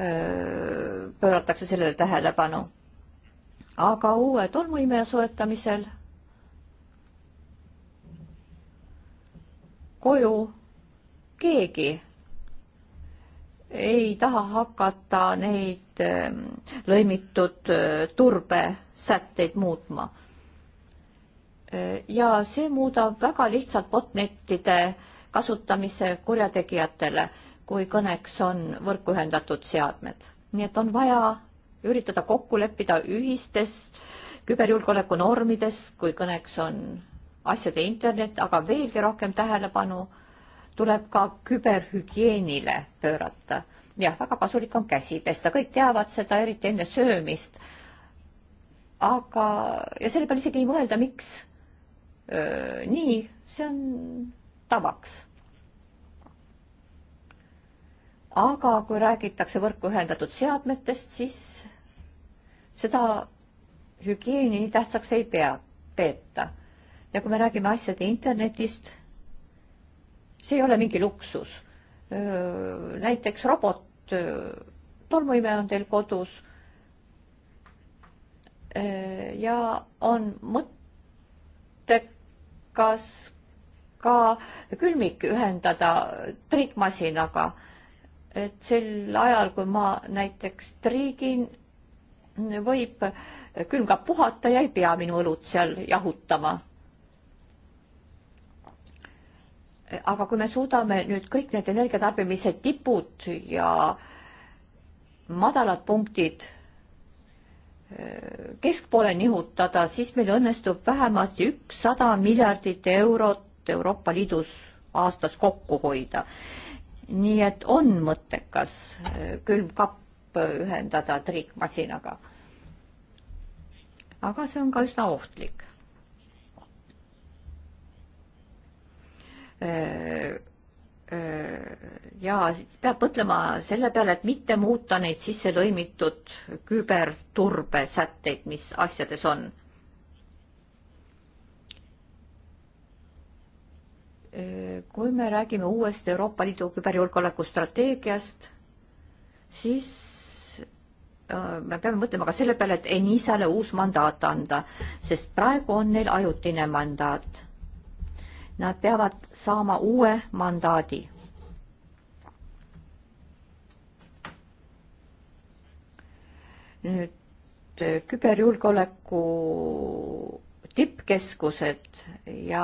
äh, pööratakse sellele tähelepanu. aga uue tolmuimeja soetamisel koju, keegi ei taha hakata neid ehm, lõimitud ehm, turbesätteid muutma. Ehm, ja see muudab väga lihtsalt botnettide kasutamise kurjategijatele, kui kõneks on võrku ühendatud seadmed. nii et on vaja üritada kokku leppida ühistes küberjulgeoleku normides, kui kõneks on asjade internet, aga veelgi rohkem tähelepanu tuleb ka küberhügieenile pöörata. jah, väga kasulik on käsi pesta, kõik teavad seda, eriti enne söömist. aga, ja selle peale isegi ei mõelda, miks öö, nii, see on tavaks. aga kui räägitakse võrku ühendatud seadmetest, siis seda hügieeni nii tähtsaks ei pea, peeta ja nagu kui me räägime asjade internetist, see ei ole mingi luksus. näiteks robot, tolmuime on teil kodus. ja on mõttekas ka külmik ühendada triikmasinaga. et sel ajal, kui ma näiteks triigin, võib külm ka puhata ja ei pea minu õlut seal jahutama aga kui me suudame nüüd kõik need energiatarbimise tipud ja madalad punktid eh, keskpoole nihutada, siis meil õnnestub vähemasti ükssada miljardit eurot Euroopa Liidus aastas kokku hoida. nii et on mõttekas eh, külmkapp ühendada triikmasinaga. aga see on ka üsna ohtlik ja peab mõtlema selle peale, et mitte muuta neid sisse lõimitud küberturbesätteid, mis asjades on. kui me räägime uuest Euroopa Liidu küberjulgeoleku strateegiast, siis me peame mõtlema ka selle peale, et Enisale uus mandaat anda, sest praegu on neil ajutine mandaat Nad peavad saama uue mandaadi. nüüd äh, küberjulgeoleku tippkeskused ja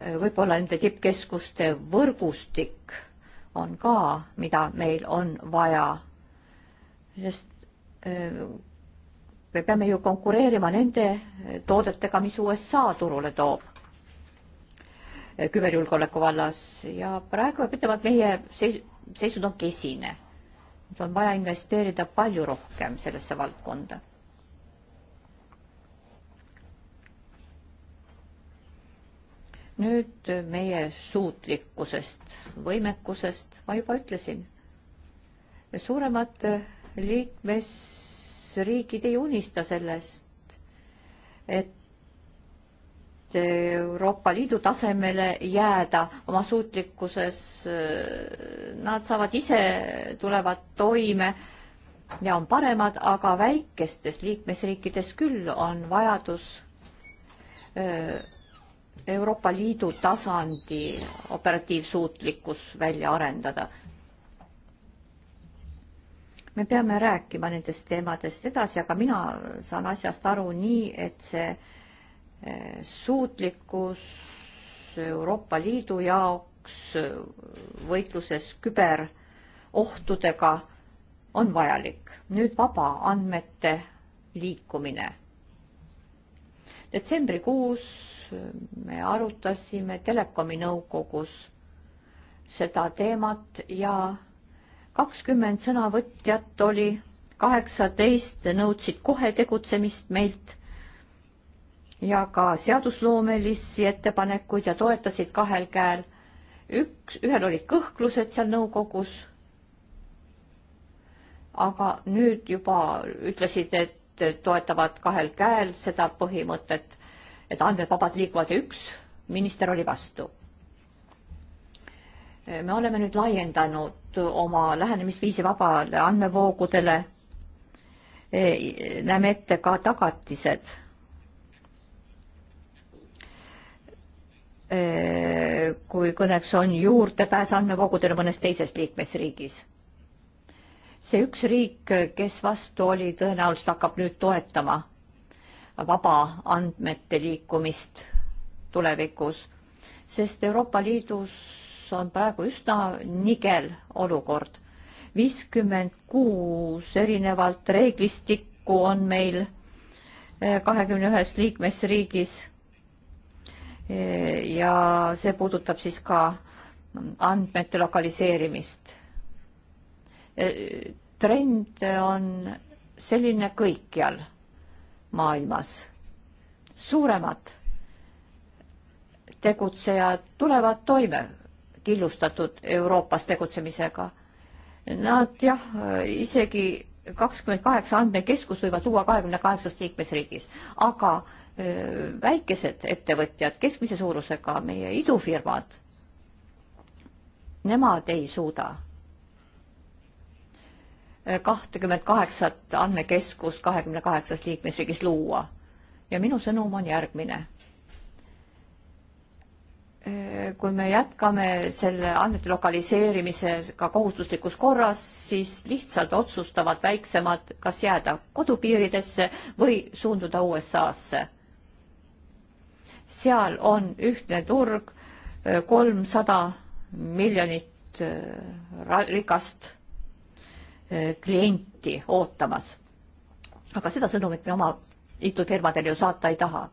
äh, võib-olla nende tippkeskuste võrgustik on ka, mida meil on vaja. sest äh, me peame ju konkureerima nende toodetega, mis USA turule toob küberjulgeoleku vallas ja praegu peab ütlema, et meie seis, seisund on kesine. et on vaja investeerida palju rohkem sellesse valdkonda. nüüd meie suutlikkusest, võimekusest, ma juba ütlesin, suuremad liikmesriigid ei unista sellest, et Euroopa Liidu tasemele jääda oma suutlikkuses. Äh, nad saavad ise, tulevad toime ja on paremad, aga väikestes liikmesriikides küll on vajadus äh, Euroopa Liidu tasandi operatiivsuutlikkus välja arendada. me peame rääkima nendest teemadest edasi, aga mina saan asjast aru nii, et see suutlikkus Euroopa Liidu jaoks võitluses küberohtudega on vajalik. nüüd vaba andmete liikumine. detsembrikuus me arutasime Telekomi nõukogus seda teemat ja kakskümmend sõnavõtjat oli, kaheksateist nõudsid kohe tegutsemist meilt ja ka seadusloomelisi ettepanekuid ja toetasid kahel käel. üks, ühel olid kõhklused seal nõukogus. aga nüüd juba ütlesid, et toetavad kahel käel seda põhimõtet, et andmed vabalt liiguvad ja üks minister oli vastu. me oleme nüüd laiendanud oma lähenemisviisi vabale andmevoogudele. näeme ette ka tagatised Äh, kui kõneks on juurdepääs andmekogudele mõnes teises liikmesriigis. see üks riik, kes vastu oli, tõenäoliselt hakkab nüüd toetama vaba andmete liikumist tulevikus, sest Euroopa Liidus on praegu üsna nigel olukord. viiskümmend kuus erinevat reeglistikku on meil äh, kahekümne ühes liikmesriigis ja see puudutab siis ka andmete lokaliseerimist. E, trend on selline kõikjal maailmas. suuremad tegutsejad tulevad toime killustatud Euroopas tegutsemisega. Nad jah, isegi kakskümmend kaheksa andmekeskust võivad luua kahekümne kaheksas liikmesriigis, aga väikesed ettevõtjad, keskmise suurusega meie idufirmad, nemad ei suuda kahtekümmet kaheksat andmekeskust kahekümne kaheksas liikmesriigis luua. ja minu sõnum on järgmine. kui me jätkame selle andmete lokaliseerimisega kohustuslikus korras, siis lihtsalt otsustavad väiksemad, kas jääda kodupiiridesse või suunduda USA-sse seal on ühtne turg, äh, kolmsada miljonit äh, rikast äh, klienti ootamas. aga seda sõnumit me oma idufirmadele ju saata ei taha.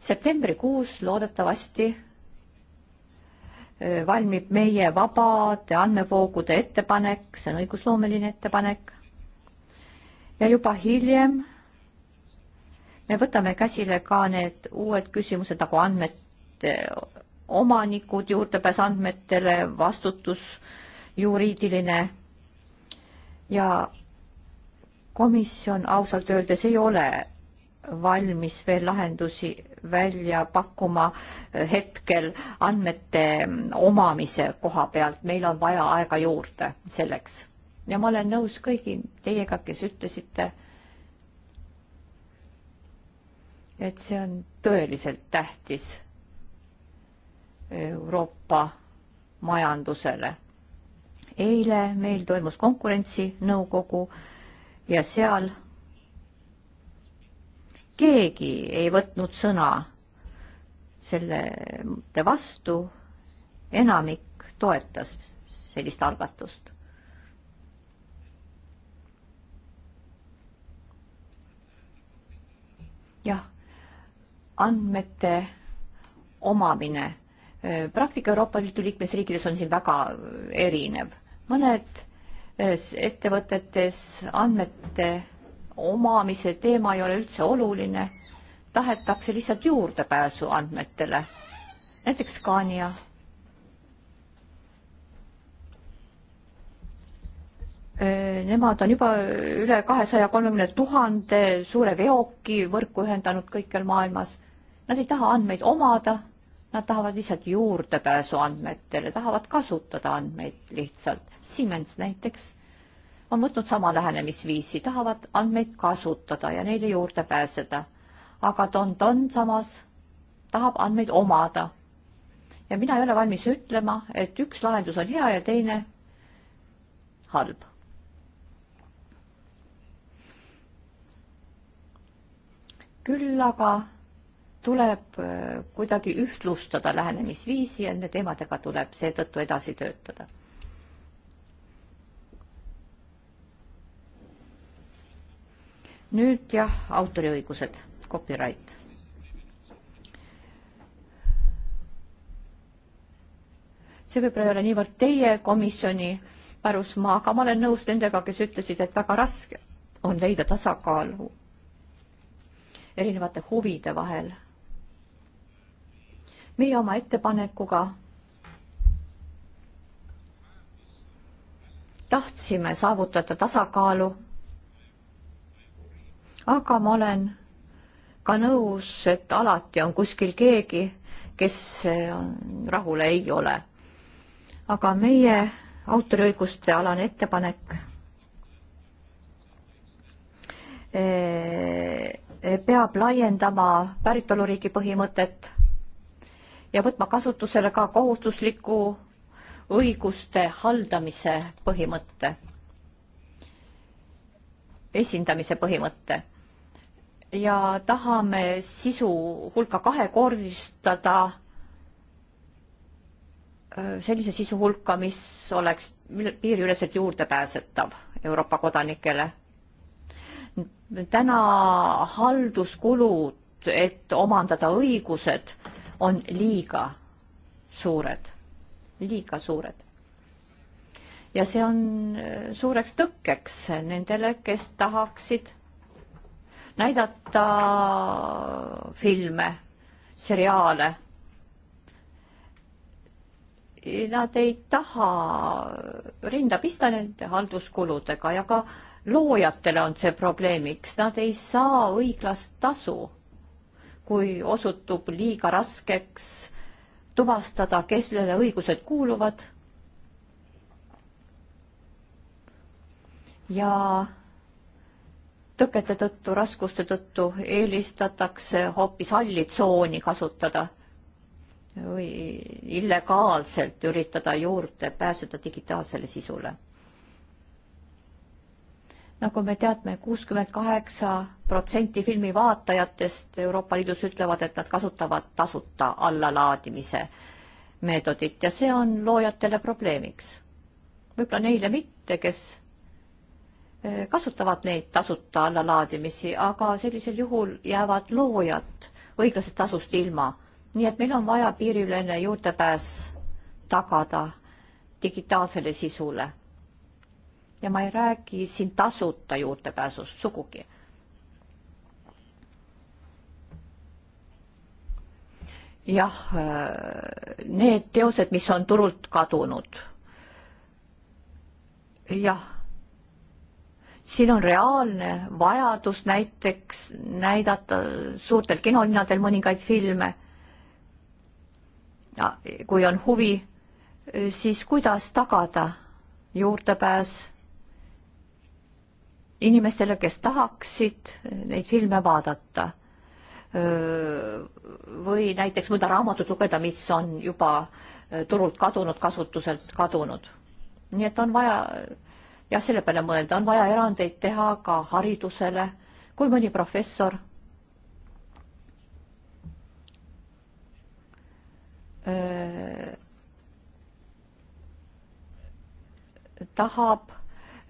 septembrikuus loodetavasti valmib meie vabade andmevoogude ettepanek, see on õigusloomeline ettepanek. ja juba hiljem me võtame käsile ka need uued küsimused nagu andmete eh, omanikud, juurdepääs andmetele, vastutus juriidiline ja komisjon ausalt öeldes ei ole valmis veel lahendusi välja pakkuma hetkel andmete omamise koha pealt, meil on vaja aega juurde selleks. ja ma olen nõus kõigi teiega, kes ütlesite, et see on tõeliselt tähtis Euroopa majandusele. eile meil toimus konkurentsinõukogu ja seal keegi ei võtnud sõna selle vastu, enamik toetas sellist algatust. jah andmete omamine. praktika Euroopa Liidu liikmesriikides on siin väga erinev. mõned eh, ettevõtetes andmete omamise teema ei ole üldse oluline, tahetakse lihtsalt juurdepääsu andmetele, näiteks Scania. Eh, nemad on juba üle kahesaja kolmekümne tuhande suure veoki võrku ühendanud kõikjal maailmas Nad ei taha andmeid omada, nad tahavad lihtsalt juurdepääsu andmetele, tahavad kasutada andmeid lihtsalt. Siemens näiteks on võtnud sama lähenemisviisi, tahavad andmeid kasutada ja neile juurde pääseda. aga Don-Don samas tahab andmeid omada. ja mina ei ole valmis ütlema, et üks lahendus on hea ja teine halb. küll aga tuleb äh, kuidagi ühtlustada lähenemisviisi ja nende teemadega tuleb seetõttu edasi töötada. nüüd jah, autoriõigused, copyright. see võib-olla ei ole niivõrd teie komisjoni pärusmaa, aga ma olen nõus nendega, kes ütlesid, et väga raske on leida tasakaalu erinevate huvide vahel meie oma ettepanekuga tahtsime saavutada tasakaalu. aga ma olen ka nõus, et alati on kuskil keegi, kes rahule ei ole. aga meie autoriõiguste alane ettepanek eh, peab laiendama päritoluriigi põhimõtet ja võtma kasutusele ka kohustusliku õiguste haldamise põhimõtte, esindamise põhimõtte. ja tahame sisu hulka kahekordistada äh, sellise sisu hulka, mis oleks piiriüleselt juurdepääsetav Euroopa kodanikele. täna halduskulud, et omandada õigused on liiga suured, liiga suured. ja see on äh, suureks tõkkeks nendele, kes tahaksid näidata filme, seriaale. Nad ei taha rinda pista nende halduskuludega ja ka loojatele on see probleemiks, nad ei saa õiglast tasu kui osutub liiga raskeks tuvastada, kellele õigused kuuluvad. ja tõkete tõttu, raskuste tõttu eelistatakse hoopis halli tsooni kasutada või illegaalselt üritada juurde pääseda digitaalsele sisule nagu me teadme, kuuskümmend kaheksa protsenti filmi vaatajatest Euroopa Liidus ütlevad, et nad kasutavad tasuta allalaadimise meetodit ja see on loojatele probleemiks. võib-olla neile mitte, kes eh, kasutavad neid tasuta allalaadimisi, aga sellisel juhul jäävad loojad õiglasest tasust ilma. nii et meil on vaja piiriülene juurdepääs tagada digitaalsele sisule ja ma ei räägi siin tasuta juurdepääsust sugugi. jah, need teosed, mis on turult kadunud. jah, siin on reaalne vajadus näiteks näidata suurtel kinolinnadel mõningaid filme. kui on huvi, siis kuidas tagada juurdepääs inimestele, kes tahaksid neid filme vaadata. või näiteks mõnda raamatut lugeda, mis on juba turult kadunud, kasutuselt kadunud. nii et on vaja jah, selle peale mõelda, on vaja erandeid teha ka haridusele, kui mõni professor öö, tahab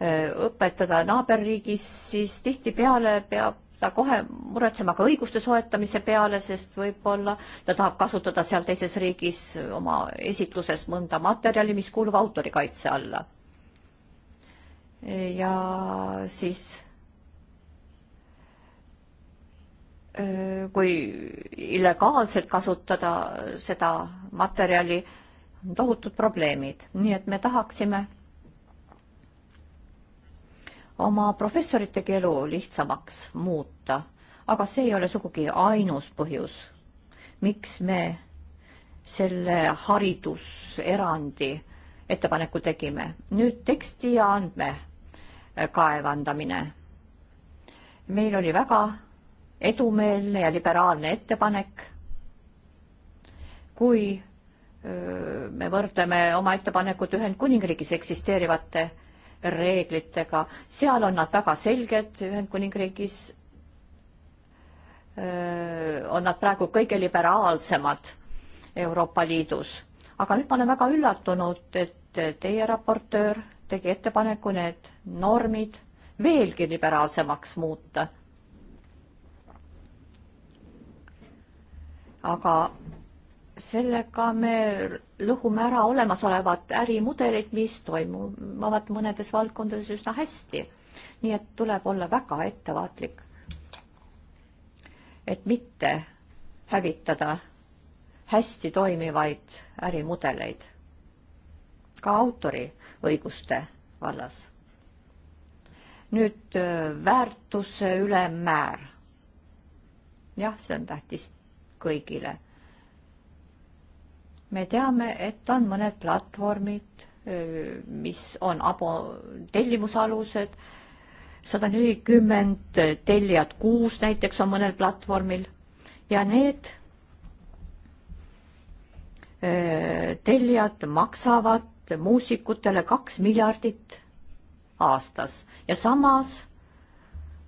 Äh, õpetada naaberriigis, siis tihtipeale peab ta kohe muretsema ka õiguste soetamise peale, sest võib-olla ta tahab kasutada seal teises riigis oma esitluses mõnda materjali, mis kuulub autorikaitse alla. ja siis äh, kui illegaalselt kasutada seda materjali, on tohutud probleemid, nii et me tahaksime oma professoritegi elu lihtsamaks muuta, aga see ei ole sugugi ainus põhjus, miks me selle hariduserandi ettepaneku tegime. nüüd teksti ja andme kaevandamine. meil oli väga edumeelne ja liberaalne ettepanek. kui öö, me võrdleme oma ettepanekut Ühendkuningriigis eksisteerivate reeglitega. seal on nad väga selged, Ühendkuningriigis on nad praegu kõige liberaalsemad Euroopa Liidus. aga nüüd ma olen väga üllatunud, et teie raportöör tegi ettepaneku need normid veelgi liberaalsemaks muuta. aga sellega me lõhume ära olemasolevad ärimudelid, mis toimuvad mõnedes valdkondades üsna hästi. nii et tuleb olla väga ettevaatlik, et mitte hävitada hästi toimivaid ärimudeleid ka autoriõiguste vallas. nüüd äh, väärtuse ülemmäär. jah, see on tähtis kõigile me teame, et on mõned platvormid, mis on abo-, tellimusalused, sada nelikümmend tellijat kuus näiteks on mõnel platvormil ja need tellijad maksavad muusikutele kaks miljardit aastas ja samas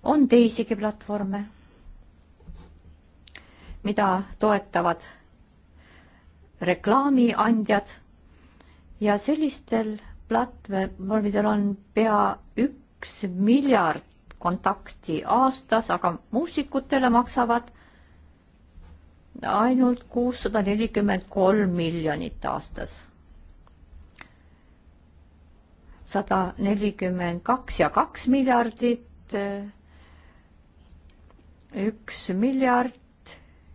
on teisigi platvorme, mida toetavad reklaamiandjad ja sellistel platvormidel on pea üks miljard kontakti aastas, aga muusikutele maksavad ainult kuussada nelikümmend kolm miljonit aastas. sada nelikümmend kaks ja kaks miljardit, üks miljard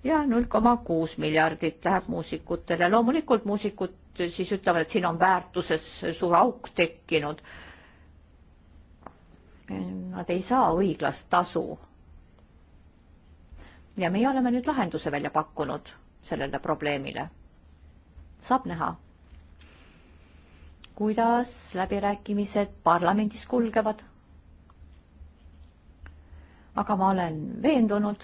ja null koma kuus miljardit läheb muusikutele. loomulikult muusikud siis ütlevad, et siin on väärtuses suur auk tekkinud. Nad ei saa õiglast tasu. ja meie oleme nüüd lahenduse välja pakkunud sellele probleemile. saab näha, kuidas läbirääkimised parlamendis kulgevad. aga ma olen veendunud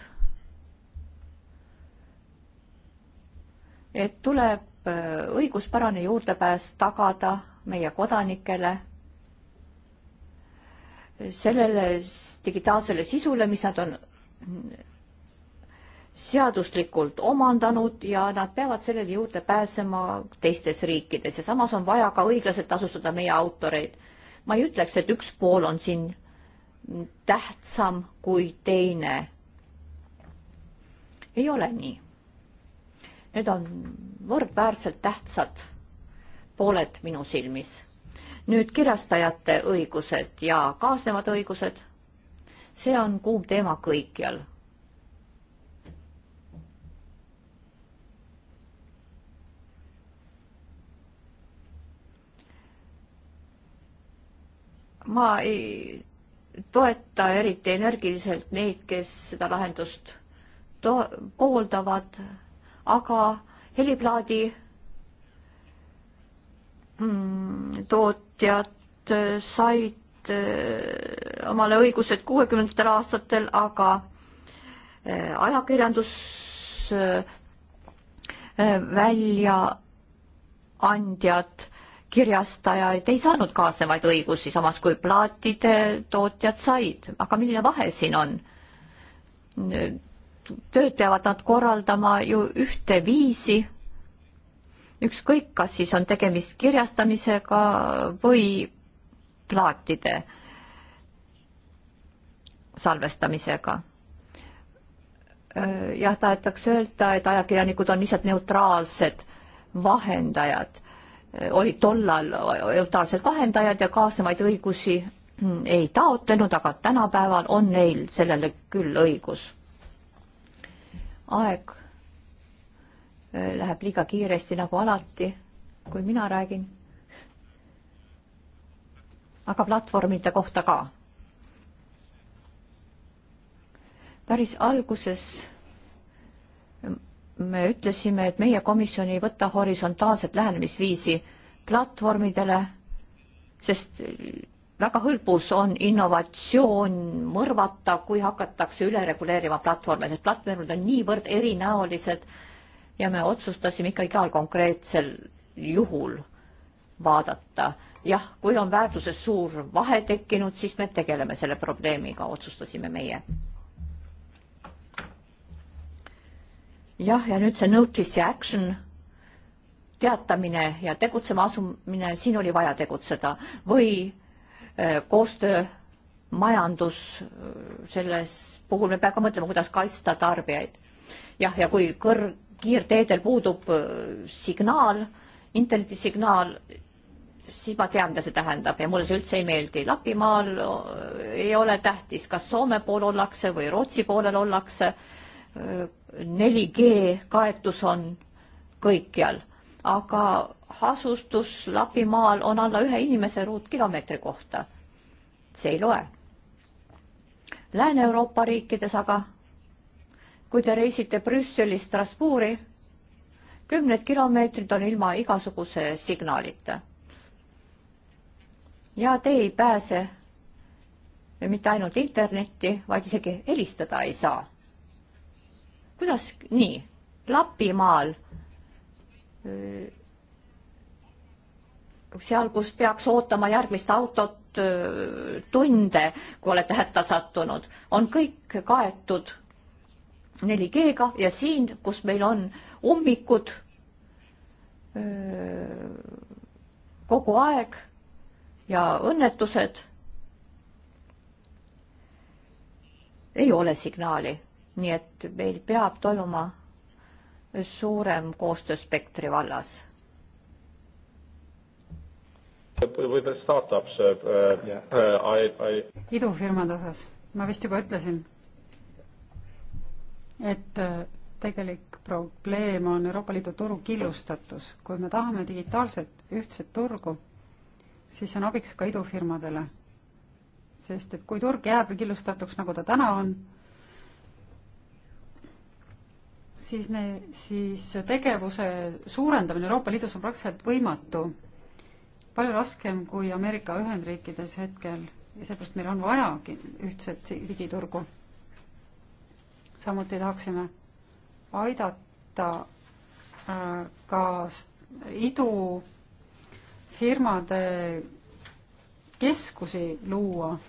et tuleb äh, õiguspärane juurdepääs tagada meie kodanikele sellele digitaalsele sisule, mis nad on seaduslikult omandanud ja nad peavad sellele juurde pääsema teistes riikides ja samas on vaja ka õiglaselt tasustada meie autoreid. ma ei ütleks, et üks pool on siin tähtsam kui teine. ei ole nii Need on võrdväärselt tähtsad pooled minu silmis. nüüd kirjastajate õigused ja kaasnevad õigused. see on kuum teema kõikjal ma ei toeta eriti energiliselt neid, kes seda lahendust to-, pooldavad, aga heliplaadi mm, tootjad äh, said äh, omale õigused kuuekümnendatel aastatel, aga äh, ajakirjandusväljaandjad, kirjastajaid ei saanud kaasnevaid õigusi, samas kui plaatide tootjad said, aga milline vahe siin on? tööd peavad nad korraldama ju ühteviisi, ükskõik, kas siis on tegemist kirjastamisega või plaatide salvestamisega. jah, tahetakse öelda, et ajakirjanikud on lihtsalt neutraalsed vahendajad, olid tollal neutraalsed vahendajad ja kaasnevaid õigusi mm, ei taotlenud, aga tänapäeval on neil sellele küll õigus aeg äh, läheb liiga kiiresti nagu alati, kui mina räägin. aga platvormide kohta ka. päris alguses me ütlesime, et meie komisjon ei võta horisontaalset lähenemisviisi platvormidele, sest väga hõlpus on innovatsioon mõrvata, kui hakatakse üle reguleerima platvorme, sest platvormid on niivõrd erinäolised ja me otsustasime ikka igal konkreetsel juhul vaadata. jah, kui on väärtuses suur vahe tekkinud, siis me tegeleme selle probleemiga, otsustasime meie. jah, ja nüüd see notice ja action teatamine ja tegutsema asumine, siin oli vaja tegutseda või Äh, koostöö majandus, äh, selles puhul me peame ka mõtlema, kuidas kaitsta tarbijaid. jah, ja kui kõr-, kiirteedel puudub äh, signaal, internetisignaal, siis ma tean, mida see tähendab ja mulle see üldse ei meeldi. Lapimaal ei ole tähtis, kas Soome pool ollakse või Rootsi poolel ollakse. 4G kaetus on kõikjal, aga asustus Lapimaal on alla ühe inimese ruutkilomeetri kohta. see ei loe. Lääne-Euroopa riikides aga, kui te reisite Brüsselist Strasbourgi, kümned kilomeetrid on ilma igasuguse signaalita. ja te ei pääse mitte ainult internetti, vaid isegi helistada ei saa. kuidas nii? Lapimaal seal, kus peaks ootama järgmist autot tunde, kui olete hätta sattunud, on kõik kaetud 4G-ga ja siin, kus meil on ummikud kogu aeg ja õnnetused, ei ole signaali, nii et meil peab toimuma suurem koostöö spektri vallas With the startups uh,, yeah. uh, I, I. idufirmade osas, ma vist juba ütlesin, et äh, tegelik probleem on Euroopa Liidu turu killustatus. kui me tahame digitaalset ühtset turgu, siis on abiks ka idufirmadele. sest et kui turg jääb killustatuks, nagu ta täna on, siis ne-, siis tegevuse suurendamine Euroopa Liidus on praktiliselt võimatu palju raskem kui Ameerika Ühendriikides hetkel ja seepärast meil on vajagi ühtset digiturgu. samuti tahaksime aidata äh, ka idufirmade keskusi luua.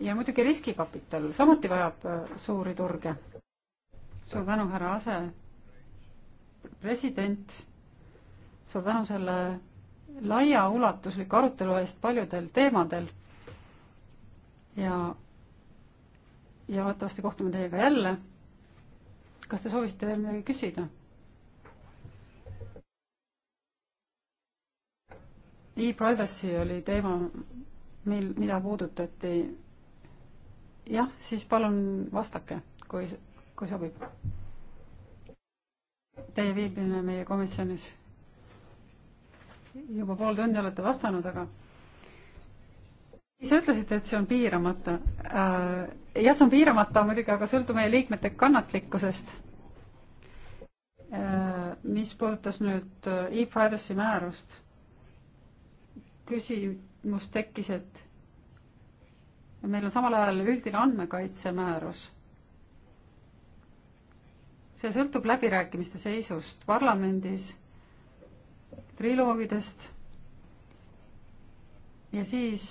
ja muidugi riskikapital samuti vajab äh, suuri turge. suur tänu, härra ase president suur tänu selle laiaulatusliku arutelu eest paljudel teemadel ja, ja loodetavasti kohtume teiega jälle. kas te soovisite veel midagi küsida? E-privacy oli teema, mil, mida puudutati. jah, siis palun vastake, kui, kui sobib. Teie viibimine meie komisjonis juba pool tundi olete vastanud, aga ise ütlesite, et see on piiramata. Äh, jah, see on piiramata muidugi, aga sõltub meie liikmete kannatlikkusest. Äh, mis puudutas nüüd äh, e-privacy määrust, küsimus tekkis, et meil on samal ajal üldine andmekaitsemäärus. see sõltub läbirääkimiste seisust parlamendis triloogidest ja siis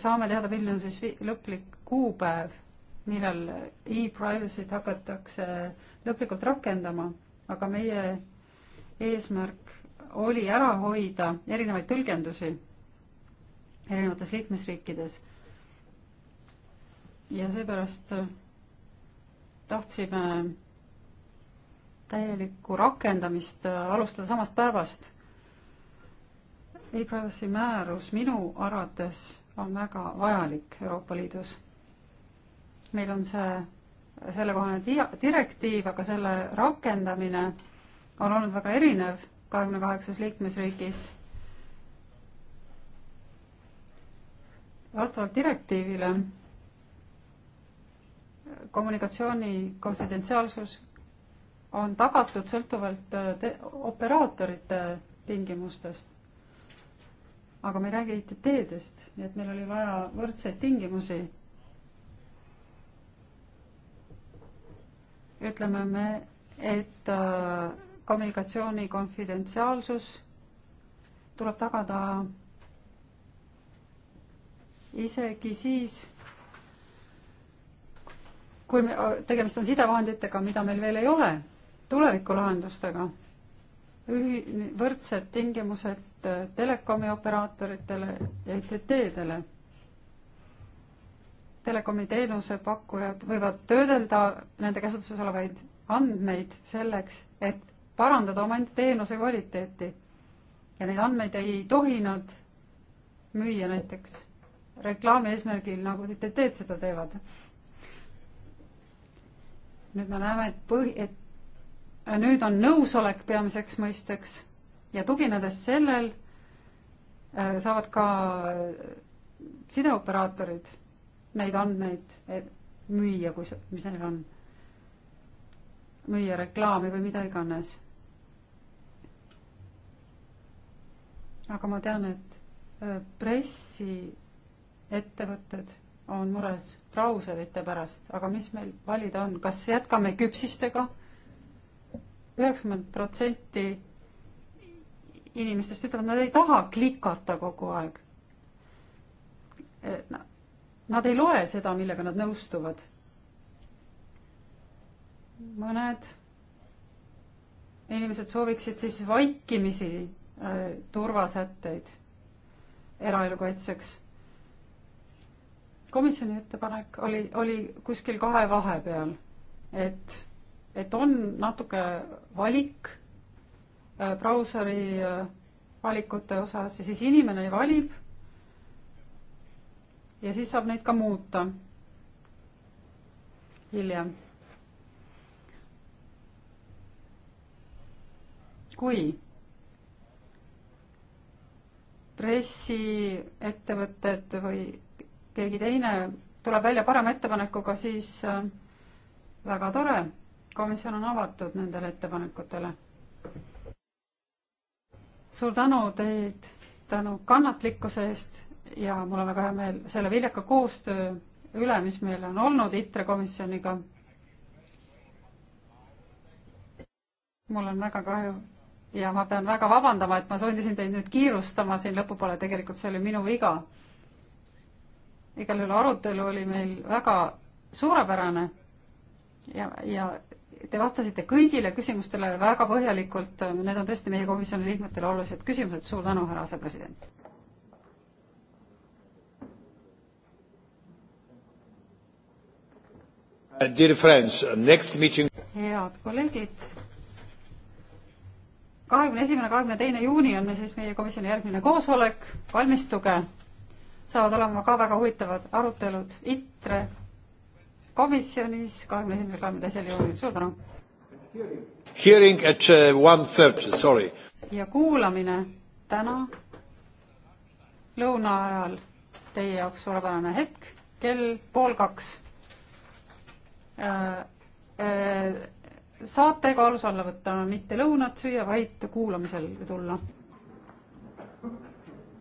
saame teada, milline on siis lõplik kuupäev, millal e-privacy't hakatakse lõplikult rakendama, aga meie eesmärk oli ära hoida erinevaid tõlgendusi erinevates liikmesriikides. ja seepärast tahtsime täielikku rakendamist äh, alustada samast päevast. e-privacy määrus minu arvates on väga vajalik Euroopa Liidus. meil on see sellekohane dia-, direktiiv, aga selle rakendamine on olnud väga erinev kahekümne kaheksas liikmesriigis. vastavalt direktiivile kommunikatsiooni konfidentsiaalsus on tagatud sõltuvalt äh, operaatorite tingimustest. aga me ei räägi ITT-dest, nii et meil oli vaja võrdseid tingimusi. ütleme me, et äh, kommunikatsiooni konfidentsiaalsus tuleb tagada isegi siis, kui me, tegemist on sidevahenditega, mida meil veel ei ole tulevikulahendustega. ühi-, võrdsed tingimused äh, telekomi operaatoritele ja ITT-dele. telekomi teenusepakkujad võivad töödelda nende käsutuses olevaid andmeid selleks, et parandada omaenda teenuse kvaliteeti. ja neid andmeid ei tohi nad müüa näiteks reklaami eesmärgil, nagu ITT-d seda teevad. nüüd me näeme, et põhi, et nüüd on nõusolek peamiseks mõisteks ja tuginedes sellel äh, saavad ka äh, sideoperaatorid neid andmeid müüa, kui, mis neil on, müüa reklaami või mida iganes. aga ma tean, et äh, pressiettevõtted on mures brauserite pärast, aga mis meil valida on, kas jätkame küpsistega üheksakümmend protsenti inimestest ütlevad, nad ei taha klikata kogu aeg. Nad ei loe seda, millega nad nõustuvad. mõned inimesed sooviksid siis vaikimisi äh, turvasätteid eraelu kaitseks. komisjoni ettepanek oli, oli kuskil kahe vahepeal, et et on natuke valik äh, brauseri äh, valikute osas ja siis inimene valib ja siis saab neid ka muuta hiljem. kui pressiettevõtted või keegi teine tuleb välja parema ettepanekuga, siis äh, väga tore komisjon on avatud nendele ettepanekutele. suur tänu teid, tänu kannatlikkuse eest ja mul on väga hea meel selle viljaka koostöö üle, mis meil on olnud ITRE komisjoniga. mul on väga kahju ja ma pean väga vabandama, et ma sundisin teid nüüd kiirustama siin lõpupoole, tegelikult see oli minu viga. igal juhul arutelu oli meil väga suurepärane ja, ja te vastasite kõigile küsimustele väga põhjalikult, need on tõesti meie komisjoni liikmetele olulised küsimused, suur tänu, härra asepresident! Uh, uh, head kolleegid, kahekümne esimene, kahekümne teine juuni on siis meie komisjoni järgmine koosolek, valmistuge, saavad olema ka väga huvitavad arutelud ITRE komisjonis kahekümne esimesel, kahekümne teisel juunil, suur tänu. Hearing at uh, one thirty, sorry. ja kuulamine täna lõuna ajal, teie jaoks suurepärane hetk, kell pool kaks. Äh, äh, saate kaalus alla võtta, mitte lõunat süüa, vaid kuulamisel tulla